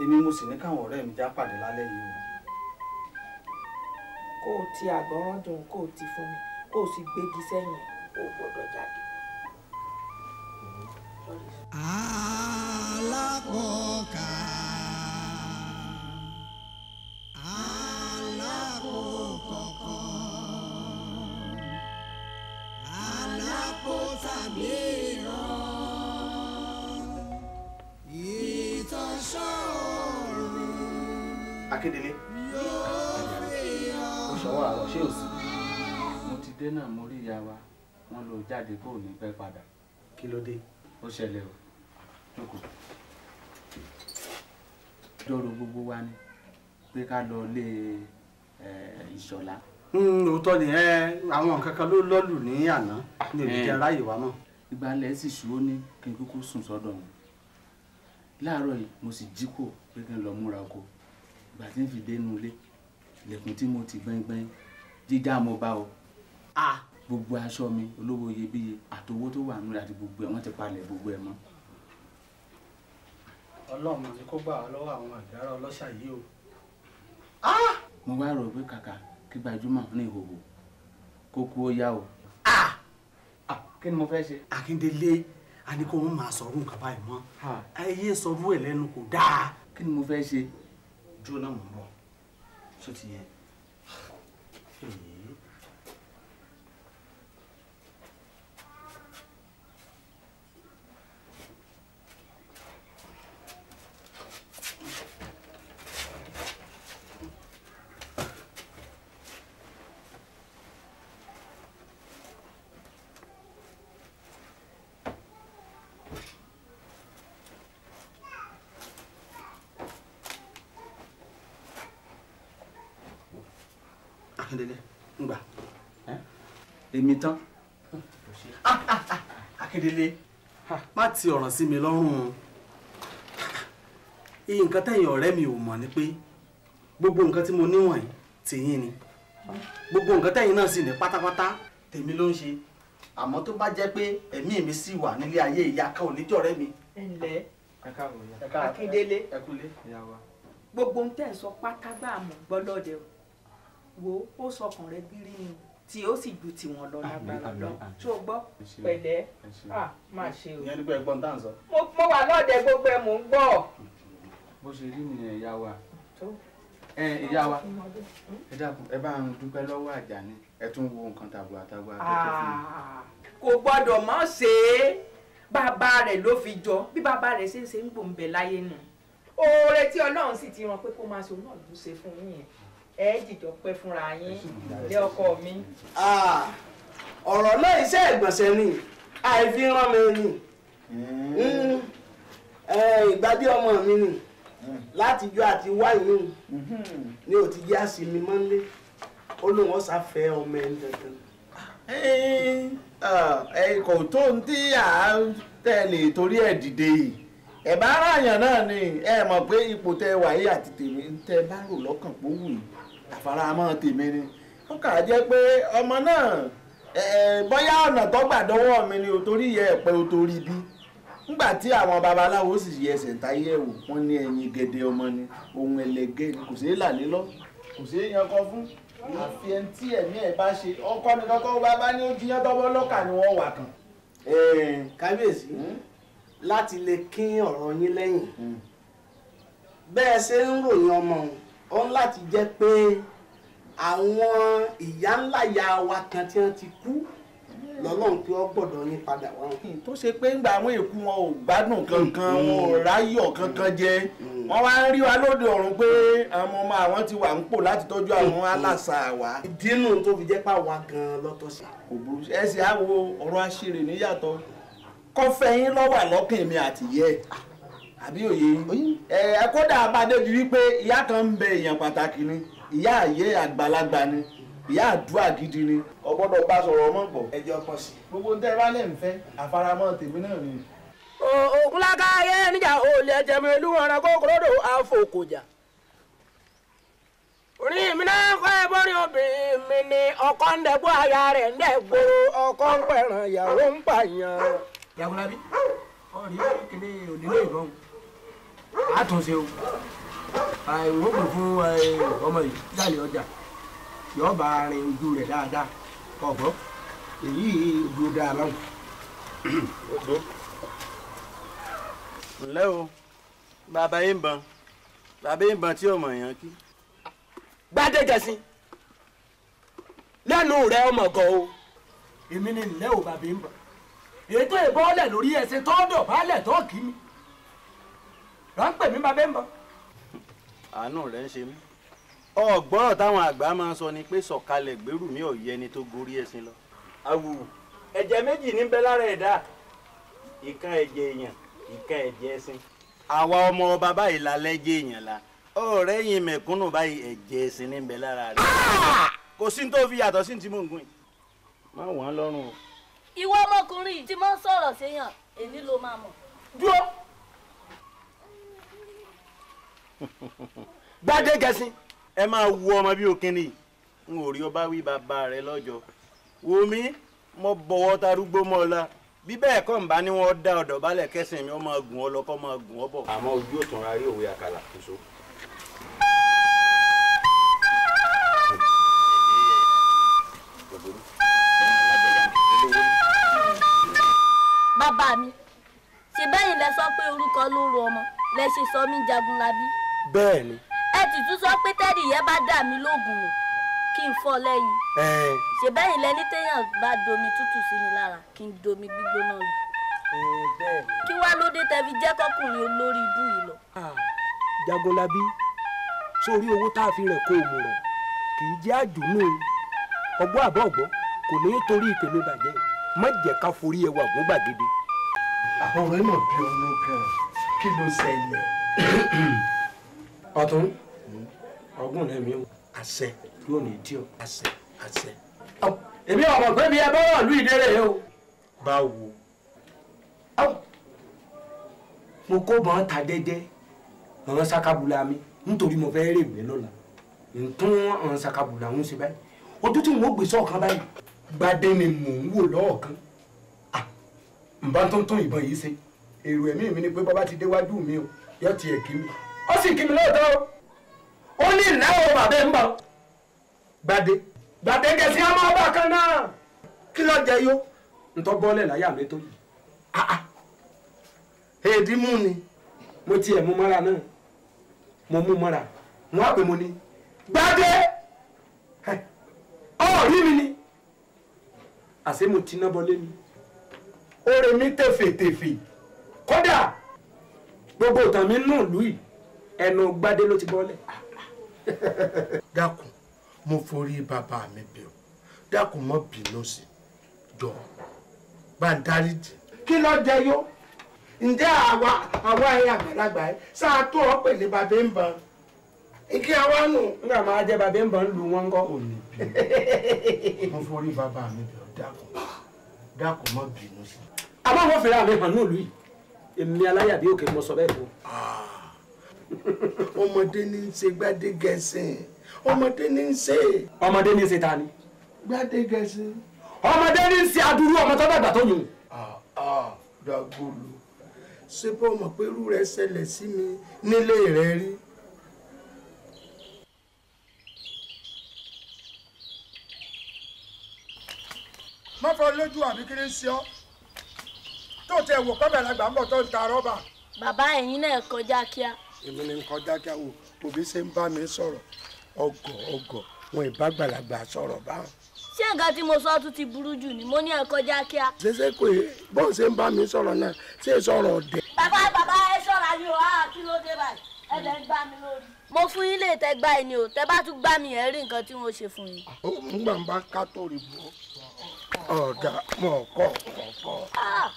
A: èmi mo sì ní káwọn ọ̀rẹ́ mi já pàdé lálẹ́ yìí o. kó o ti àgbọ̀nrán dùn kó o ti fún mi kó o sì gbégi sẹ́yìn o gbọ́dọ̀ jáde.
B: alákọ̀ọ́ka. akédele ó ṣọwọ́ àlọ́ ṣé òsì.
A: mo ti dé náà mo rí ìyá wa wọn lọ jáde kó ní gbogbo wa ni pé ká lọ lé eh, ìṣọ̀lá. Hmm, òótọ́ ni àwọn nǹkan kan ló lọ́lù ní àná ní òdìjà eh. ráyè wa mọ́. ìgbà ńlẹ̀ sì ṣú ó ní kí n kúkú sùn sọ́dọ̀ wọn láàárọ̀ yìí mo sì jí kò pé kí n lọ múra oko ìgbà tí n fi dé inú ilé ilẹ̀kùn tí mo ti gbẹ́ngbẹ́ng jíjá mo bá o gbogbo aṣọ mi olówó iyebíye àtowó tó wà nílẹ̀ àti gbogbo ẹ̀ wọ́n ti palẹ̀ gbogbo ẹ̀ mọ́. ọlọ́run ti kó gbà wá lọ́wọ́ àwọn àgbára ọlọ́ṣà yìí o. mo wá rò pé kàkà kí gbajúmọ̀ ní ìhòòhò kó kú ó yá o. kí ni mo fẹ́ ṣe. Akíndélé a ní kó wọn máa sọ̀rọ̀ nǹkan báyìí mọ́ ayé sọ̀rọ̀ ẹ̀ lẹ́nu kò dáa. kí ni mo fẹ́ ṣe. jóná mọ̀ ń bọ̀ sótìyẹn. akíndélé ń gbà èmi tán ah, ah, ah, akíndélé má ti ọ̀ràn sí mi lọ́rùn iye nǹkan tẹ̀yìn ọ̀rẹ́ mi ò mọ̀ ni pé gbogbo nǹkan tí mo níwọ̀nyí tèyín ni gbogbo nǹkan tẹ̀yìn náà sì ní pátápátá tèmi ló ń ṣe àmọ́ tó bá jẹ́ pé ẹ̀mí mi sì wà nílé ayé ìyá kan ò níjọ́ rẹ́ mi. ẹ ǹlẹ́ akíndélé gbogbo ń tẹ̀ sọ pátá gbà mọ̀ gbọ́ lọ́dẹ o wo ó sọkàn rẹ bírí ni tí ó sì ju tiwọn lọ ah, lágbára lọ tó o gbọ́ pẹ̀lẹ́ à ah, má ṣe o. ìyẹn nípa ẹ̀gbọ́n tá à sọ. mo wà lọ́ọ̀dẹ gbogbo ẹ̀ mò ń gbọ́. bó ṣe rí nìyẹn ìyá wa ìyá wa
B: hmm?
A: ẹ dákun ẹ bá ń dúpẹ́ lọ́wọ́ Àjàní ẹ tún wo nǹkan tàbí àtàwọn akẹ́kọ̀ọ́ fún mi. Ah, kò gbọ́dọ̀ mọ̀ ṣe é bàbá rẹ̀ ló fi jọ bí bàbá rẹ̀ ṣe ń ṣe ń gbòǹbẹ̀ láyé nù. oore tí Ọlọ́run sì ti rán pé kó máa ṣe òun náà ló ṣe fún yín yẹn ẹ jìjọ pẹ́ fúnra yín ilé ọkọ mi. ọ̀rọ̀ náà iṣẹ́ ìgbọ̀nsẹ̀ ni àìfi rán mi ni hmm. ìgbà bí ọmọ mi ni hmm. látijọ́ àti wáyé ni ò hmm. ti jẹ́ àsìmí mọ́lé ó lóun ọ̀sà fẹ́ ọmọ ẹni dandan ẹ̀kọ́ eh, eh, tó ń tí à ń tẹ̀lé torí ẹ̀ dìde yìí ẹ̀ bá ráyàn náà ni ẹ mọ̀ pé ipò tẹ wà yìí àti tèmi ń tẹ bá rò lọ́kàn pọ̀ wù yìí àfaramọ́ tèmi ni ó kà á jẹ́ pé ọmọ náà bóyá ọ̀nà tó gbà dọ́wọ́ mi ni o torí yẹ ẹ̀pẹ́ o torí bí nígbà tí àwọn babaláwo sì yẹ ẹsẹ̀ táyé ẹ̀wò wọn ní ẹ̀yìn gẹ̀dẹ̀ ọmọ ni ohun ẹlẹgẹ́ kò sí làlé lọ kò sí yankan fún àfi ẹni tí ẹ̀mí ẹ̀ bá ṣe ọkọ ni kọ́kọ́ bá bá ní ó jiyàn tọ́wọ́ lọ́kà ni wọ́n wà kàn. kábíyèsí hmm? láti lè kín ọ̀rọ̀ yín lẹ́yìn hmm. bẹ́ẹ̀ ṣe ń ròyìn ọmọ òun láti jẹ́ pé àwọn ìyá ńlá ya wa kan tí wọ́n ti kú lọ́lọ́run pé ó gbọ́dọ̀ yín padà wá. Hmm, tó ṣe pé ńgbà àwọn èkú wọn ò gbádùn kankan hmm, hmm. wọn ò ráyọ̀ kankan jẹ wọn wá ń rí wa lóde ọ̀run pé àwọn ọmọ àwọn ti wà ń pò láti tọ́jú àwọn aláṣà wa. ìdínú tó fi jẹ́ pà wá gan-an lọ́tọ̀ sí. kò burú ẹsẹ̀ á wo ọ̀rọ̀ àṣírí níyàtọ̀ kọ́fẹ́ yín lọ́wọ́ àlọ́kàn mi àtìyẹ́ àbí òye ẹ kódà abadé ju wípé ìyá kan ń bẹ èèyàn pàtàkì ni ìyá àyè àgbàlagbà ni ìyá àdúrà gidi ni ọgbọ́dọ̀ bá sọ̀rọ̀ ọmọ gbọ̀. ẹjọ pọ̀ sí. gbogbo tẹ́ bá lẹ́ ń fẹ́ àfaramọ́ tèmi náà ni. òkun lákàáyé níjà olè jẹmọ ìlú ọ̀rọ̀ kókòròdò àfọkọjà. orin mi náà kọ́ ẹ bọ́rin obìnrin mi ni ọkọ ń dẹ́gbọ́ aya rẹ̀ ń dẹ́gbòrò ọkọ ń pẹ̀ràn ìyàwó ń pààyàn. Jagunlabi ọ̀rẹ́ kìnìún onílé ìbọn àtúnṣe o ìwọ́pọ̀ fún eh, ọmọ yìí jáde ọjà yọ̀ọ́ bá rin ojú rẹ̀ dáadáa ọ̀gbọ́n èyí ojú dáa láwọn. ǹlẹ́ o bàbá yín bọ̀n bàbá yín bọ̀n tí ò mọ̀ yàn kí. gbádẹ́gẹ̀sìn lẹ́nu rẹ̀ ọmọ gan o. èmi ni ǹlẹ́ o bàbá yín bọ̀n ètò ìbọ́lẹ̀ lórí ẹsẹ̀ tọ́ọ̀dọ̀ bálẹ̀ tọ́ọ̀kì mi ráńpẹ̀ mi bàbá yín bọ̀n àánú rẹ̀ ń ṣe mí ọgbọ́rọ̀ táwọn àgbà máa ń sọ ni pé sọ̀kalẹ̀ gbèrú mi ò yẹ ẹni tó gorí ẹṣin lọ. àwù ẹ̀jẹ̀ méjì ní bẹ́ lára ẹ̀dá ìkan ẹ̀jẹ̀ èèyàn ìkan ẹ̀jẹ̀ ẹṣin. àwa ọmọ ọba báyìí la lẹ́jẹ̀ èèyàn la ọ̀rẹ́ yìí mẹ̀kúnnù báyìí ẹ̀jẹ̀ ẹṣin ní bẹ́ lára rẹ̀. kò sí tó fi yàtọ̀ sí ti mò ń yìí. má wọ́n lọ́rùn o.
C: ìwọ ọmọkùnrin tí mo ń sọ̀rọ̀ séèyàn èmi ló
A: gbadé gẹ̀ẹ́sì ẹ máa wo ọmọ bíi òkínní n ò rí ọba wí bàbá rẹ lọ́jọ́ wo mi mo bọ̀wọ́ tarúgbó mọ́ ọ la bí bẹ́ẹ̀ kọ́ ń bá ní wọ́n dá ọ̀dọ̀ balẹ̀ kẹsìn mi ó gùn ọ lọ kó máa gùn ọ bọ̀. àmọ́ ojú ò tún ra rí òwe àkàlà kóso.
C: bàbá mi ṣe bẹ́yìn lẹ sọ pé orúkọ ló ro ọmọ lẹ ṣe sọ mí jagunlabi bẹ́ẹ̀ ni. ẹ ti tún sọ pé tẹ́lì yẹn bá dà mí lóògùn kí n fọ́ lẹ́yìn. ṣe bẹ́yìn lẹni téèyàn bá domi tútù sí mi lára kí n domi gbígbóná lù. kí wàá lóde tẹbi jẹ́ kọkùnrin olórí ibú yìí lọ.
A: jagunlabi sórí owó tá a fi rẹ̀ kó o mọ̀ràn kì í jẹ́ àdùnnú ọgbọ́n àbọ̀ ọ̀gbọ́n kò ní í torí ìtẹ̀mí bàjẹ́ má jẹ́ ká forí ẹwà gún gbàgede. àwọn ọmọ ẹ mọ̀ bí ológun kí ló ṣẹlẹ̀ ọ̀tún ọgbọ́n náà mi ò àṣẹ yóò ní dí ọ àṣẹ àṣẹ. èmi ọmọ pé bí ẹ bá wà lú ìdérè yìí o. báwo. mo kó bọ́n ta dédé ọ̀rọ̀ sakabula mi nítorí mo fẹ́ rè mí lọ́la ntún ọ̀rọ̀ sakabula ń ṣe báyìí ojú tí mo gbèsè ọ̀kan báyìí gbadé ni mò ń wò lọ́ọ̀kan nbà ìbọn yìí ṣe èrò ẹ̀mí mi ni pé bàbá ti déwájú mi o yọ tiẹ̀ kí mi ó sì kí mi lóòótọ́ ó ní ìlà o bàbá ẹ̀ ń bọ̀ gbàdé gbàdé kẹsí á máa bá kan náà kí ló jẹ yó ntọ́ bọ́lẹ̀ láyà mi tó yìí ah, ah. èdè mú ni mo tiẹ̀ mú mọ́ra náà mo mú mọ́ra wọ́n á pè mo ní gbàdé ọ̀rí mi ni àṣé mo ti ná bọ́lé mi ó re mi tẹ̀fẹ̀tẹ̀fẹ̀ kódà gbogbo ìtàn mi nù lùyìí ẹnu gbadé ló ti bọ́lẹ̀. dákun mo forí bàbá mi bẹ̀ ọ́ dákun mọ́ bínú sí jọ bá ń dáríjì. kí ló jẹ yó ǹjẹ́ àwa àwa ẹ̀yà àgbàlagbà ẹ̀ sáà tó ọ pèlè bàbá ń bọ̀ ike àwa nù. nígbà máa jẹ bàbá ń bọ̀ ń lu wọn kọ́. kò ní bí mo forí bàbá mi bẹ̀ ọ́ dákun dákun mọ́ bínú sí. àbáwọ̀ fẹ́ràn mi hàn ní òlù yìí èmi aláyàbí òkè mo sọ bẹ́ẹ̀ fún ọmọdé ní í ṣe gbádé gẹ̀ẹ́sìn ọmọdé ní í ṣe. ọmọdé ní í ṣe ta ni. gbádé gẹ̀ẹ́sìn. ọmọdé ní í ṣe àdúrú ọmọ tó dàgbà tó yùn. dàgbòlù ṣé bọ́ mọ̀ pé irú rẹ̀ ṣẹlẹ̀ sí mi nílé rẹ̀ rí. má fọ lójú àbí kí ni ń ṣe ọ́ tó tẹ wò kọ́bẹ̀ ń bọ̀ tó ń ta rọ́bà. bàbá ẹ̀yin náà kọjá kíá èmi ni nǹkan dákẹ́ wò òbí ṣe ń bá mi sọ̀rọ̀ ọgọ̀ ọgọ̀ wọn ìbá gbàlagbà sọ̀rọ̀ báwọn.
C: ṣé nǹkan tí mo sọ tún ti burú jù ni mo ní ẹ kọjá kíá.
A: ṣèṣe kò yé bó ṣe ń bá mi sọ̀rọ̀ náà ṣe sọ̀rọ̀ ọ̀dẹ.
C: bàbá bàbá ẹ ṣọ́ra ni o àá ah, kí ló dé báyìí ẹ lẹ́ ń gbá mi lórí. mo fún yín lè tẹ́ gbá ẹni o tẹ́ bá tún gbá mi ẹ̀ rí nǹkan tí mo ṣe fún yín.
A: ó gbà ń bá kátó rìbọ ọ̀gá mọ̀ọ́kọ̀
B: kọ̀ọ̀kọ̀
C: ah!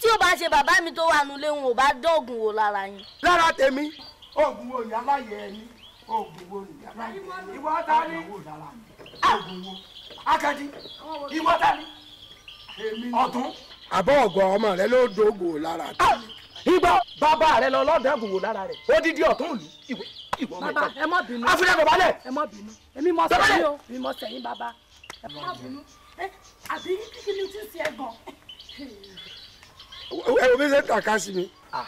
C: tí o bá ṣe bàbá mi tó wà nulẹ̀ wọn ò bá dán oògùn wò lára yín. lára
A: tèmi oògùn wo ìyá láyé ẹni oògùn wo ìyá láyé ẹni ìwọ ta ni oògùn wo ah! akadi ìwọ ta ni ọ̀tún. àbọ̀ ọ̀gọ̀ ọmọ rẹ ló dógùn wò lára tèmi. Ah! ìgbà bàbá rẹ lọ lọ́dọ̀gùn wò lára rẹ odidi ọ̀tún ìlú ìwọ
B: ìwọ ọmọ ìjọba. bàbá ẹ má
A: bínú. àfihàn bàbá lẹ. ẹ má bínú èmi mọ sẹ́yìn o èmi mọ sẹ́yìn bàbá. ẹ má bínú àbí kíkiri ti ń ṣe é gan. omi ṣe tàka sí mi. Ah.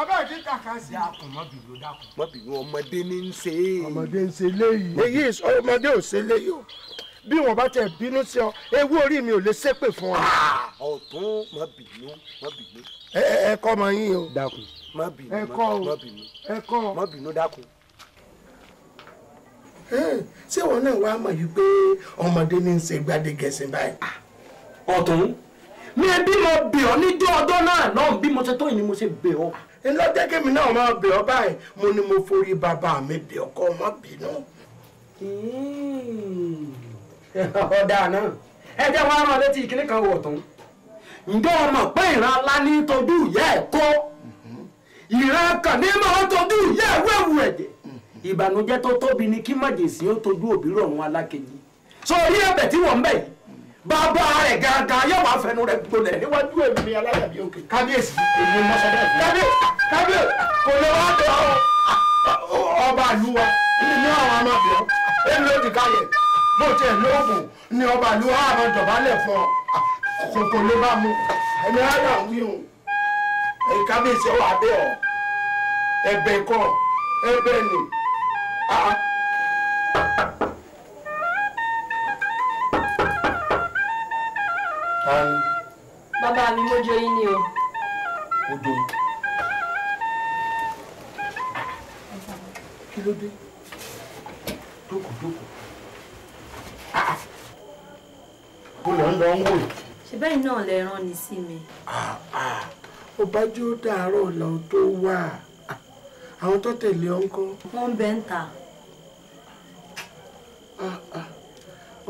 A: abẹ́rẹ́ ti tàka sí. dákun mọ́ bìnú dákun. mọ́ bìnú ọmọdé ní ń ṣe é. ọmọdé ń ṣe léyìí. èyí ọmọdé ò ṣe léyìí o bí wọn bá tẹ bínú sí ọ ewu orí mi ò lè ṣépè fún ọ. Ah, ọ̀tún mọ́ bìnú mọ́ bìnú. ẹ ẹ kọ́ ọmọ yín o. dákun mọ́ bìnú mọ́ bìnú mọ́ bìnú dákun ṣé wọn náà wàá mọ̀ yìí pé ọmọdé ní í ṣe gbadé gẹ̀ẹ́sì báyìí. ọ̀tún mi ẹ bí mo bẹ̀ ọ́ náà bí mo ṣe tó yìí ni mo ṣe náà máa bẹ̀ ọ báyìí mo ní mo forí bàbá mi ọkọ ọmọ bínú.
B: Hmm.
A: ọ̀dà náà
B: ẹ jẹ́ wàá rán létí
A: ìkíní kan wọ̀ tán ǹjẹ́ ọmọ pé ìran ní kọ́ ìran kan ní ìyá ẹ̀ wẹ̀wù ìbànújẹ́ tó tóbi ni kí májèsí ó òbí alákejì
B: bàbá rẹ̀ gangan yóò máa fẹnu
A: rẹ̀ gbolẹ̀ níwájú èmi aláyàbí òkè. kábíyèsí èmi mọ sọdẹ fún mi. kábíyèsí kò lè wá dọ̀ ọba ìlú wa ní àwọn amábìọ́ èmi ló ti káyẹ̀ bó tiẹ̀ lóògùn ni ọba ìlú wa àwọn dọ̀bálẹ̀ fún ọ kò kò lè bá mu ẹni ayọ̀ wí o ẹ̀yìn kábíyèsí ọwọ́ abẹ́ ọ ẹ̀bẹ̀ kọ ẹ̀bẹ̀ ni. Ah, bàbá mi mójó yín ni o. mójó
C: kí ló dé dókòdókò bó
B: ah, ah. lọ ń lọ ń wò.
C: ṣùgbọ́n iná lè rán ni sí mi. Ah,
A: ó bá jó dàárọ̀ lọ tó wà àwọn tó tẹ̀lé ọ ń kọ́. wọ́n ń bẹ ń ta.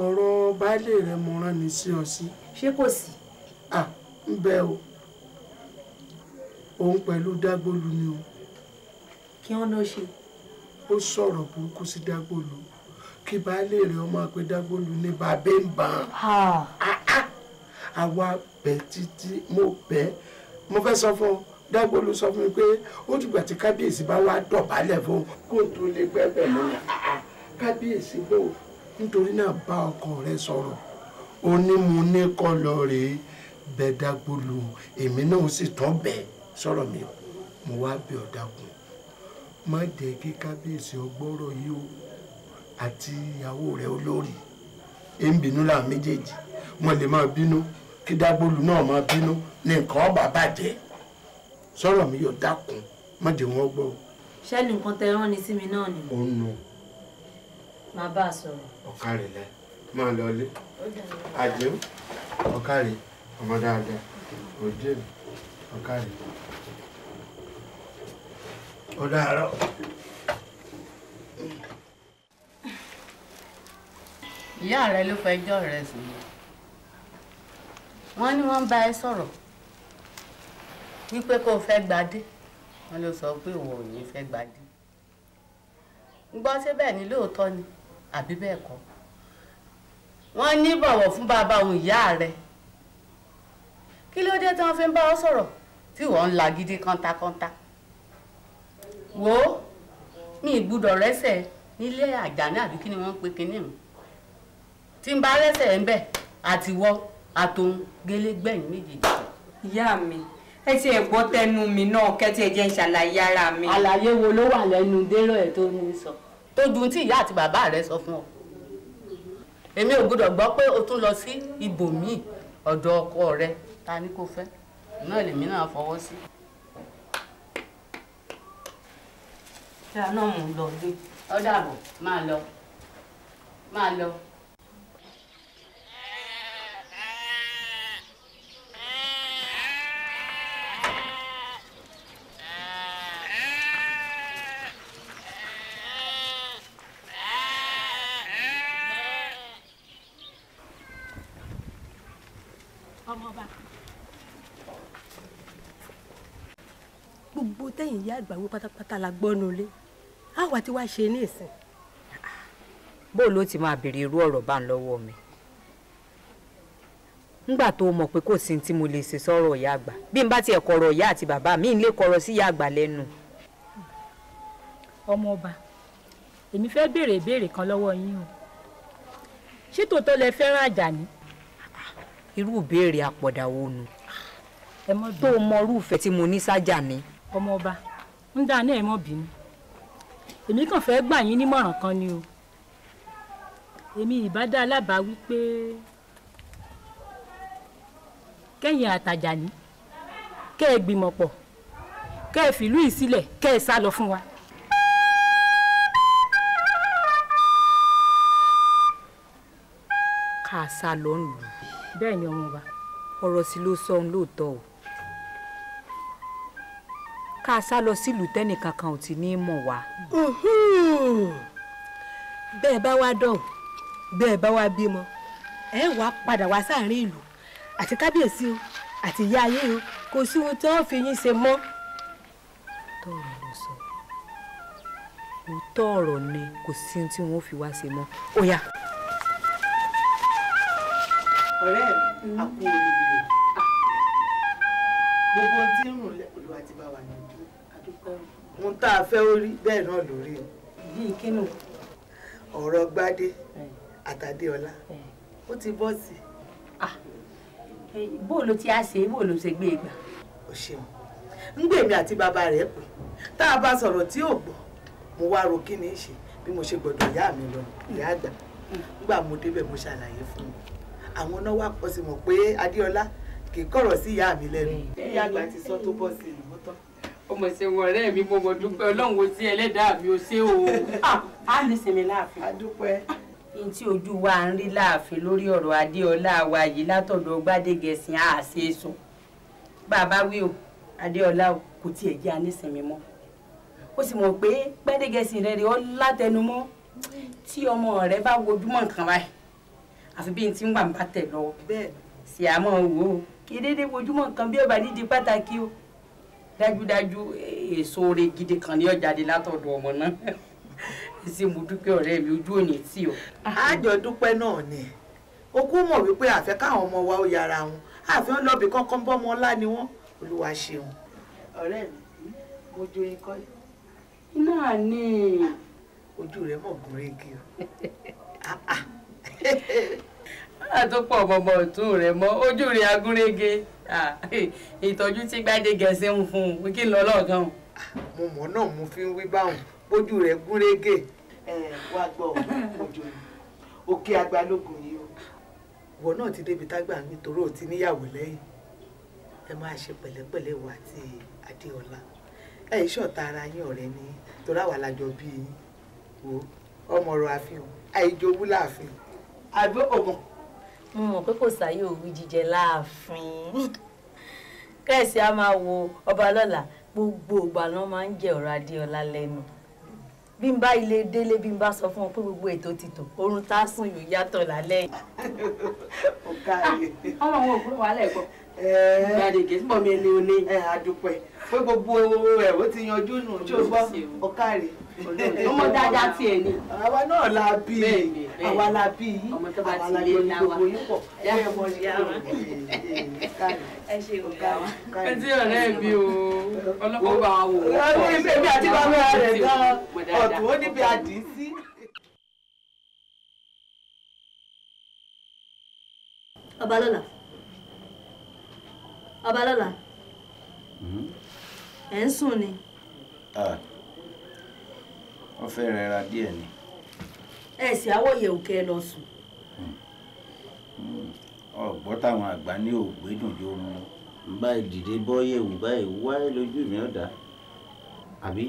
A: ọ̀rọ̀ baálé rẹ̀ mo rán ni sí ọ sí. Si ṣé kò sí. à ah, ń bẹ o òun pẹ̀lú dágbólu ni o. kí wọ́n lọ ṣe. ó sọ̀rọ̀ burúkú sí dágbólu kí baálé rẹ̀ ọmọ pé dágbólu ní bàbá ń bà án. Ah, ah. àwa bẹ̀ títí mo bẹ̀ mo fẹ́ sọ fún ọ dágbólu sọ fún mi pé ó dìgbà tí kábíyèsí bá wá dọ̀bálẹ̀ fún kó n tó lè gbẹ́bẹ̀ lọ́yà kábíyèsí bò nítorí náà bá ọkọ rẹ sọ̀rọ̀ onímúní kọ́ lọ rèé bẹ́ẹ̀ dágbólu èmi náà sì tán bẹ́ẹ̀ sọ̀rọ̀ mi mo wá bẹ̀ ọ́ dákun má jẹ́ kí kábíyèsí ọgbọ́rọ̀ yìí o àti ìyàwó rẹ̀ olórí èmbínú làwọn méjèèjì wọn lè máa bínú kí dágbólu náà máa bínú ní nǹkan ọba bàjẹ́ sọ̀rọ̀ mi yóò dákun má jẹ́ wọn gbọ́.
C: sẹ́ni nǹkan tẹ rán ni sí mi náà ni. ó ń nu. máa bá a sọ̀rọ̀.
A: ọ̀ka rẹ̀ máa lọ ilé àjẹm ọ̀kàrẹ̀ ọmọ dáadáa òjèm ọ̀kàrẹ̀ ó dàárọ̀.
C: ìyá rẹ ló fẹjọ́ rẹ sùn wọ́n ní wọ́n bá ẹ sọ̀rọ̀ wípé kó o fẹ́ gbadé wọ́n ló sọ pé ìwọ ò ní fẹ́ gbadé gbọ́ síbẹ̀ ni lóòótọ́ ni àbí bẹ́ẹ̀ kọ́ wọ́n ní bọ̀wọ̀ fún bàbá òun ìyá rẹ̀ kí ló dé tí wọ́n fi ń bá ọ sọ̀rọ̀ tí wọ́n ń la gidi kọ́ńtakọ́ńta wo mi ìgbúdọ̀ rẹ́sẹ̀ nílé àjàní àbí kí ni wọ́n ń pe kinní hàn tí ń bá rẹ́sẹ̀ ń bẹ̀ àtiwọ́ àtòun gélégbẹ̀yìn méjèèjì. ìyá mi ẹ ti ẹ̀ gbọ́ tẹnu mi náà kẹ́tí ẹ jẹ́ ń ṣàlàyé ara mi. àlàyé wo ló wà lẹ́nu dérò ẹ̀ tó ń sọ tó ju ti ìyá àti bàbá rẹ sọ fún ọ. emi ò gbọdọ̀ gbọ́ pé o tún lọ sí ibòmíì ọ̀dọ̀ ọkọ rẹ ta ni kò fẹ́ náà lèmi náà fọwọ́ sí. ṣé lọ dé
A: àgbàwé pátápátá la tí wàá ṣe ní ìsìn. bó ló ti máa irú ọ̀rọ̀ bá ń lọ́wọ́ mi nígbà tó mọ̀ pé kò sí tí mo lè ṣe sọ́rọ̀ ìyá àgbà bí n bá tiẹ̀ kọ̀rọ̀ mi lè kọ̀rọ̀ sí ìyá àgbà
C: ọmọ èmi fẹ́ béèrè ìbéèrè kan lọ́wọ́ yín o
A: ṣé tòótọ́ lẹ fẹ́ràn ni. irú ìbéèrè àpọ̀dà wo nu. tí mo ní sájà ni. ń dá náà ẹ mọ̀ bínú èmi kàn fẹ́ gbà yín nímọ̀ràn kan ni o
C: èmi ìbádá alábàá wípé kẹ́yìn àtàjà ní kẹ́ ẹ gbìmọ̀ pọ̀ kẹ́ ẹ fìlú ìsílẹ̀ kẹ́ ẹ sá lọ fún wa.
A: ká a sá lọ ń lù. bẹ́ẹ̀ ni ọmọ wa ọ̀rọ̀ sí ló sọ ohun lóòótọ́ o ká a sá lọ sílùú tẹ́nìkan kan ò ti ní í mọ̀ wá. bẹ́ẹ̀ bá wá dọ̀hùn
C: bẹ́ẹ̀ bá wá bímọ ẹ wá padà wá sáàrin ìlú àti kábíyèsí o
A: àti ìyá ayé o kò sí ohun
C: tí wọ́n fi yín ṣe mọ́.
A: tọrọ ló sọ òótọ́ ọ̀rọ̀ ni kò sí ohun tí wọ́n fi wá ṣe mọ́ ó ọ̀rẹ́ mi àpò òyìnbó gbogbo tí ń rùn lẹ́kùnlú àti bá wà nìjọ àdúpẹ́ ohun tá a fẹ́ orí bẹ́ẹ̀ náà lórí o. bíi kínú. ọ̀rọ̀ gbadé àtàdéọlá ó ti bọ́ sí i. bó ló ṣe bó ṣe gbé e gbà. o ṣeun ń gbèmí àti bàbá rẹ̀ pé tá a bá sọ̀rọ̀ tí ò gbọ́ mo wá ro kí ni í ṣe bí mo ṣe gbọ́dọ̀ ìyá mi lọ ìyá àgbà nígbà mo débẹ̀ mo ṣàlàyé fún un àwọn náà wá pọ̀ sí mọ̀ pé adéọlá kì í kọ̀rọ̀ sí ìyá mi lẹ́nu. ìyá àgbà ti sọ tó bọ́ sí i lọ́wọ́ tán. ọmọ ìṣẹ̀wọ̀n ọ̀rẹ́ mi mo mọ̀ dúpẹ́ ọlọ́run wo sí ẹlẹ́dàá mi ò ṣe o. Ah, a ní sinmi láàfin. a dúpẹ́. n tí ojú wa ń rí láàfin lórí ọ̀rọ̀ adéọlá wa yìí látọ̀dọ̀ gbádégẹ̀sìn a ṣe
C: é sùn. bàbá wí o adéọlá kò tiẹ̀ jẹ́ anísìnmi mọ́. ó sì mọ̀ pé gbádégẹ̀sìn rẹ̀ rẹ̀ ọ́ látẹnumọ́ tí ọmọ rẹ̀ bá wojúmọ́ nǹkan báyìí àfi bí n ti ń wà ń bá tẹ̀ lọ. bẹ́ẹ̀ sì á mọ̀ wò ó kì í déédéé wojúmọ́ nǹkan bí ọba dídí pàtàkì o dájúdájú èso oore gidi
A: kan ní ọ̀jáde látọ̀dọ̀ ọmọ náà
C: ṣe mo dúpẹ́ ọ̀rẹ́ mi ojú òní tì ọ́.
A: àjọ dúpẹ́ náà ni okú mọ̀ wípé àfẹ́ káwọn ọmọ wa ó yára wọn àfẹ́ ọlọ́bì kankan bọ́mọ ọlá ni wọ́n olúwa ṣeun. ọ̀rẹ́ mi mo jó yín kọ́ náà ni ojú rẹ̀ mọ̀ gúnrégé o. àtúpọ̀ bọ̀bọ̀ ọ̀tún rẹ̀ mọ́ ojú rẹ̀ agúnrégé
C: ìtọ́jú tí gbádégẹ ṣe ń fún un kí n lọ lọ́ọ̀gán.
A: mo mọ̀ náà mo fi ń wí báwọn bójú rẹ̀ gúnrégé. ẹ wá gbọ́ òjò òkè agbálógún yìí o ìwọ náà ti débi tágbà mi torí ò ti níyàwó lẹ́yìn ẹ máa ṣe pẹ̀lẹ́pẹ̀lẹ́ wà àti adéọlá ẹ ìṣọ̀tá ara yín ọ̀rẹ́ ni torí àwa lájọ bí yín wo ọmọ ọ̀rọ̀ àfihàn àìjọ owó láàfin. àbí
C: mo mọ̀ pé kò sáyé òwú jíjẹ láàfin kẹ́sì á máa wo ọba lọ́la gbogbo ìgbà náà máa ń jẹ ọ̀rọ̀ adéọlá lẹ́nu bí n bá ilé délé bí n bá sọ fún ọ pé gbogbo ètò ti tò oorun tá a sùn yóò yàtọ̀ lálẹ́ yìí.
A: ó káàyè. Ah, ọmọ àwọn òkúrò wà lẹ́ẹ̀kọ́. Eh. gbàdégé ń bọ̀ o ẹni oní. Eh, adúpẹ́ pé gbogbo ẹ̀ o ti yanjú nù tí o gbọ́ ó káàyè ọmọ dáadáa tí ẹ ní. àwa náà la bí i àwa la bí i àwa la bí i gbogbo yín pọ̀
C: ẹ ṣe ọ̀gá wa. ẹ ti
A: ọ̀rẹ́ mi o ọlọ́pàá bá wò ó. ọ̀rẹ́ mi èmi àti bàbá rẹ̀ gan-an ó níbi àdí sí.
C: Ọbalọ́lá Ọbalọ́lá mm-hmm. ẹ̀ ń sùn ni.
B: Ah.
A: wọ́n fẹ́ ra ni.
C: ẹ sì awòye òkè lọ sùn.
A: ọ̀gbọ́n táwọn àgbà ní ògbédùn yóò mú un dìde àbí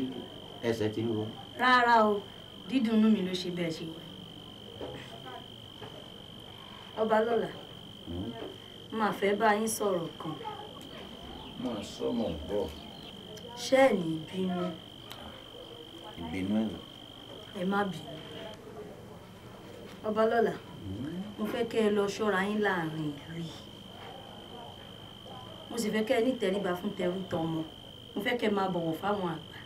A: ẹsẹ ti wọ.
C: rárá o dídùn inú mi ló ṣe bẹ́ẹ̀ ṣe wọ̀ ọba ma hmm? fẹ́ ba
A: kan. Ma sọ ìgbénú ẹ̀rọ.
C: ẹ má bì ọbalọ́la hmm? mo fẹ́ kẹ́ ẹ lọ ṣọ́ra yín láàrin ìlú yìí mo sì fẹ́ kẹ́ ẹ nítẹríba fún tẹrú tọmọ mo fẹ́ kẹ́ ẹ máa bọ̀wọ̀ fáwọn àgbà.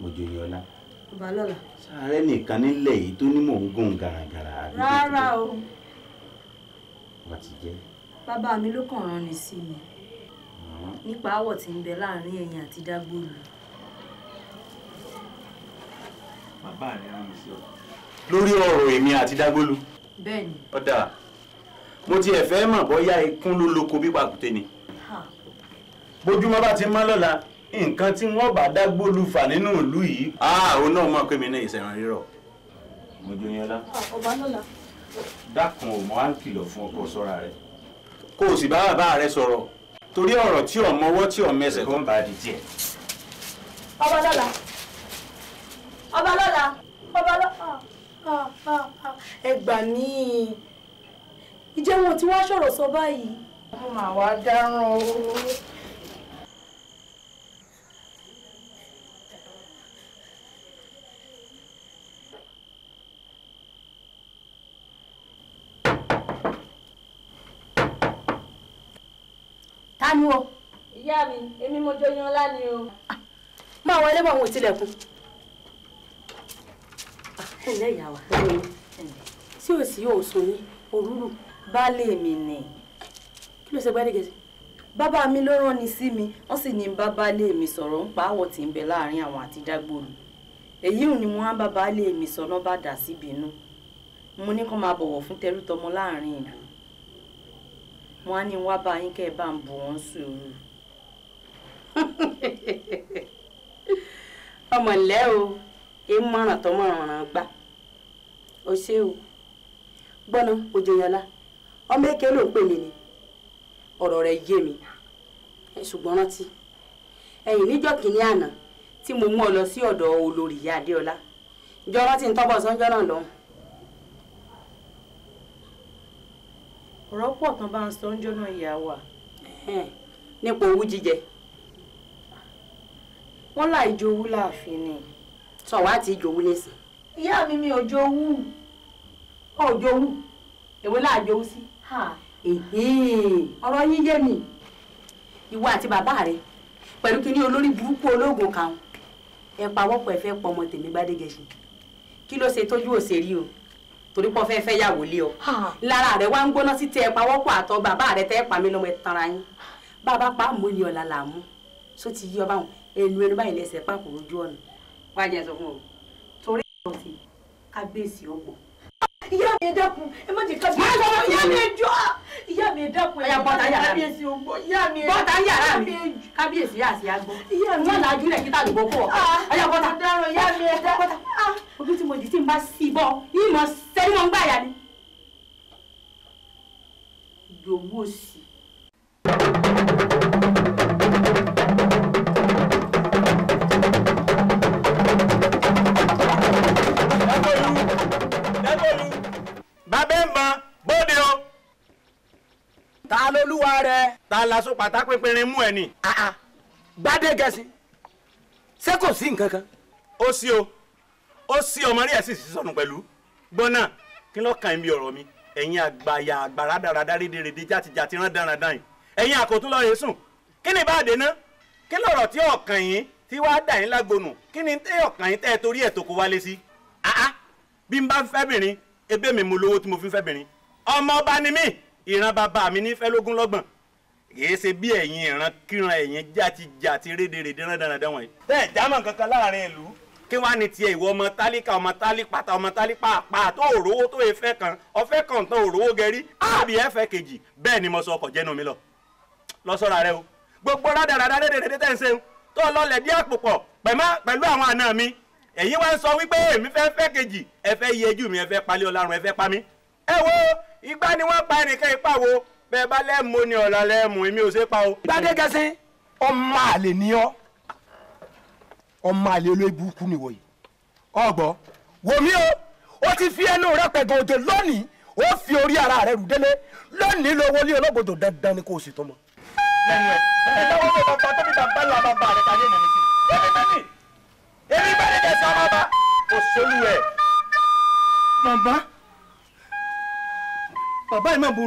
C: mo joyè ọlá. ọbalọ́la.
A: sáré nìkan nílẹ̀ yìí tó ní mò ń gùn gàràgàrà.
C: rárá o. wà á ti jẹ́. bàbá mi ló kàn rán ni sí mi hmm? nípa àwọ̀ tí ń bẹ láàrin ẹ̀yìn àti dágbòlù.
A: bàbá rẹ̀ rán mi sí ọ. lórí ọ̀rọ̀ èmi àti dágbólu. bẹ́ẹ̀ni. ọ̀dà mo tiẹ̀ fẹ́ mọ̀ bóyá ikún ló loko bí pàkúté ni. bójúmọ́ bá ti mọ́ lọ́la nǹkan tí wọ́n bá dágbólu fà nínú ìlú yìí. àwọn náà mọ̀ pé mi ní ìṣẹ̀ràn rírọ̀. mo jó yẹn lá. ọba lọ́la. dákun ò mọ àǹkìlọ̀ fún ọkọ sọ́ra rẹ̀. kó o sì bá bàbá rẹ sọ̀rọ̀ torí ọ̀rọ̀ tí ọmọ tí ọmọ ẹsẹ̀ kan bá di tiẹ̀.
C: ọba lọ́la ọba lọ́la ọba lọ́la ah, ah, ah, ẹ gbà mí ìjẹ́ wọn tí wọ́n sọ̀rọ̀ sọ báyìí. wọ́n máa wá dáràn o. ta ni o. ìyá mi èmi mo jọyàn ọlá ni o. máa wọlé bọ̀ àwọn ò tilẹ̀kùn ẹnlẹ́ ìyá wa sí òsì òsùn yín òrùrù baálé mi ni kí ló ṣe gbẹ́dẹ̀ gẹ̀ẹ́sì. bàbá mi ló rán ni sí mi wọ́n sì ní bá baálé mi sọ̀rọ̀ ń pa àwọ̀ tí ń bẹ láàrin àwọn àti dágbòrò èyí ò ní wọ́n á bá mi sọ̀rọ̀ bá dà síbínú mo ní kó máa bọ̀wọ̀ fún tẹrú tọmọ láàrin ìlú wọn á ní wá bá yín kẹ́ ẹ bá ń bù wọ́n sùúrù. ọmọ ǹlẹ́ o ìmọ̀ràn tó mọ̀ràn ràn gbà
A: ó ṣe o gbọ́nà òjòyànlá ọmọ èké ló ń pè mí ọ̀rọ̀ rẹ̀ yé mi ṣùgbọ́n rántí
C: ẹ̀yìn níjọ́ kìíní àná tí mo mú ọ lọ sí ọ̀dọ̀ olórí ìyá adéọlá ìjọ rántí ń tọ́bọ̀ sọ́jọ́ náà lọ́hùn. ọ̀rọ̀ pọ̀ tán bá ń sọ ń jóná ìyá wa. nípa owú jíjẹ. wọ́n láì jowú láàfin ni. sọ wá ti jòwú lẹ́sìn. ìyá mi mi ò jowú ò jowú èwo láà jowú sí. ọ̀rọ̀ yín yé mi ìwọ àti bàbá rẹ pẹ̀lú kí ní olórí burúkú ológun kan ẹ pawọ́pọ̀ ẹ fẹ́ pọ ọmọ tèmi Gbádégẹṣin kí ló ṣe tójú òṣèré o torí pọ́ fẹ́ fẹ́ yàwó lé ọ lára rẹ wá ń gbóná sí tẹ ẹ pawọ́pọ̀ àtọ bàbá rẹ tẹ ẹ pa mí lọ́mọ ẹ tanra yín bàbá pa àmúlẹ̀ ọ̀la làmú só yí ọ
A: báwọn ẹnu ẹnu báyìí lẹsẹ̀ pàkó ojú ọ̀nà wá jẹ́ sọ fún ọ torí ìyá ọ̀sìn kábíyèsí ọgbọ̀n. ìyá mi dákun ẹ má jẹ kábíyèsí ọgbọ̀n
C: ìyá mi ẹjọ́ ìyá mi dákun ẹ má jẹ kábíyèsí
A: ọgbọ̀n ìyá mi ẹjọ́ bọ́tà yàrá mi
C: kábíyèsí yà sí agbọ́n wọn là á jùlẹ̀ kíta lògbó fún ọ ọyà ah, bọ́tà ọ̀daràn ìyá mi ẹjọ́ bọ́tà ah, ojú tí mo dì tí n bá
A: sì bọ́ ìmọ̀ sẹ́ni mo ń gbà yà ni. ìgbòho sí dẹ́gbọ́lù dẹ́gbọ́lù bàbá ń bọ̀ bóde o. ta lolúwa rẹ. ta la so pàtà pínpín mú ẹ ni. gbadé gẹ̀ẹ́sì ṣé kò sí nǹkan kan. ó sí o ó sí ọmọ rí ẹ sì sí sọnù pẹ̀lú gbọ́nà kí ló kàn ń bi ọ̀rọ̀ mi ẹ̀yin àgbàyà àgbàrá dáradá rédèrèdè játijàti rán dáradára yìí ẹ̀yin àkótó lọ́ọ́ yẹn sùn kí ni bá dé ná kí lọ̀rọ̀ tí ọ̀kàn yín tí wàá dà yín lágbónú kí ni tí ọ̀kàn yín tẹ́ ẹ torí ẹ̀ tó kó wálé sí. Ah, ah. bí n bá fẹ́ bìnrin ebé mi mo lówó tí mo fi fẹ́ bìnrin ọmọ ọba ni mí ìran bàbá mi ní fẹ́ lógún lọ́gbọ̀n kìí ṣe bí ẹ̀yin ìran kíran ẹ̀yin jàtijàti rédèrèdè rándanrandan wọ̀nyí. bẹ́ẹ̀ jámọ̀ kankan láàrin ìlú kí wàá ní tiẹ̀ ìwọ ọmọ tálíkà ọmọ tálípàtà ọmọ tálípàpà tó òrówó tó efẹ́ kan ọfẹ́ kan tán òrówó gẹrí àbí ẹ̀fẹ́ kejì bẹ́ẹ̀ ni mo sọ ọkọ̀ jẹ́nu mi lọ. lọ sọ́ra rẹ o gbogbo rádaràdà rédèrèdè tẹ̀ ń ṣe tó lọlẹ̀ bí àpòpọ̀ pẹ̀lú àwọn àna mi ẹ̀yin wá ń sọ wípé èmi fẹ́ fẹ́ kejì ẹ fẹ́ yẹjú mi ẹ fẹ́ palẹ̀ ọ̀làrun ẹ fẹ́ pa mí. ẹ wo ìgbà ni wọ́n pa ẹnìkan ìpá wo bẹ́ẹ̀ bá lẹ́ẹ̀mú ni ọ̀la lẹ́ẹ̀mú èmi ò ṣe pa o. gbadé gẹ̀ẹ́sì ọmọ àlè ni ọ ọmọ àlè olóòbù kú nìwọ yìí ọgbọ wò mí o ó ti fi ẹnu rẹ pẹ̀gàn òde lónìí ó fi orí ara rẹ rù délé lónìí lówó lé olóògbòdò dandan ni kò sì tó mọ. lẹ́nu ẹ̀ ẹ̀ lọ́wọ́ mi bàbá tóbi bàbá làbàbà rẹ̀ káyé mi nìkan. Everybody, bẹ̀rẹ̀ jẹ́ sí For kò sólú ẹ̀. bàbá bàbá yìí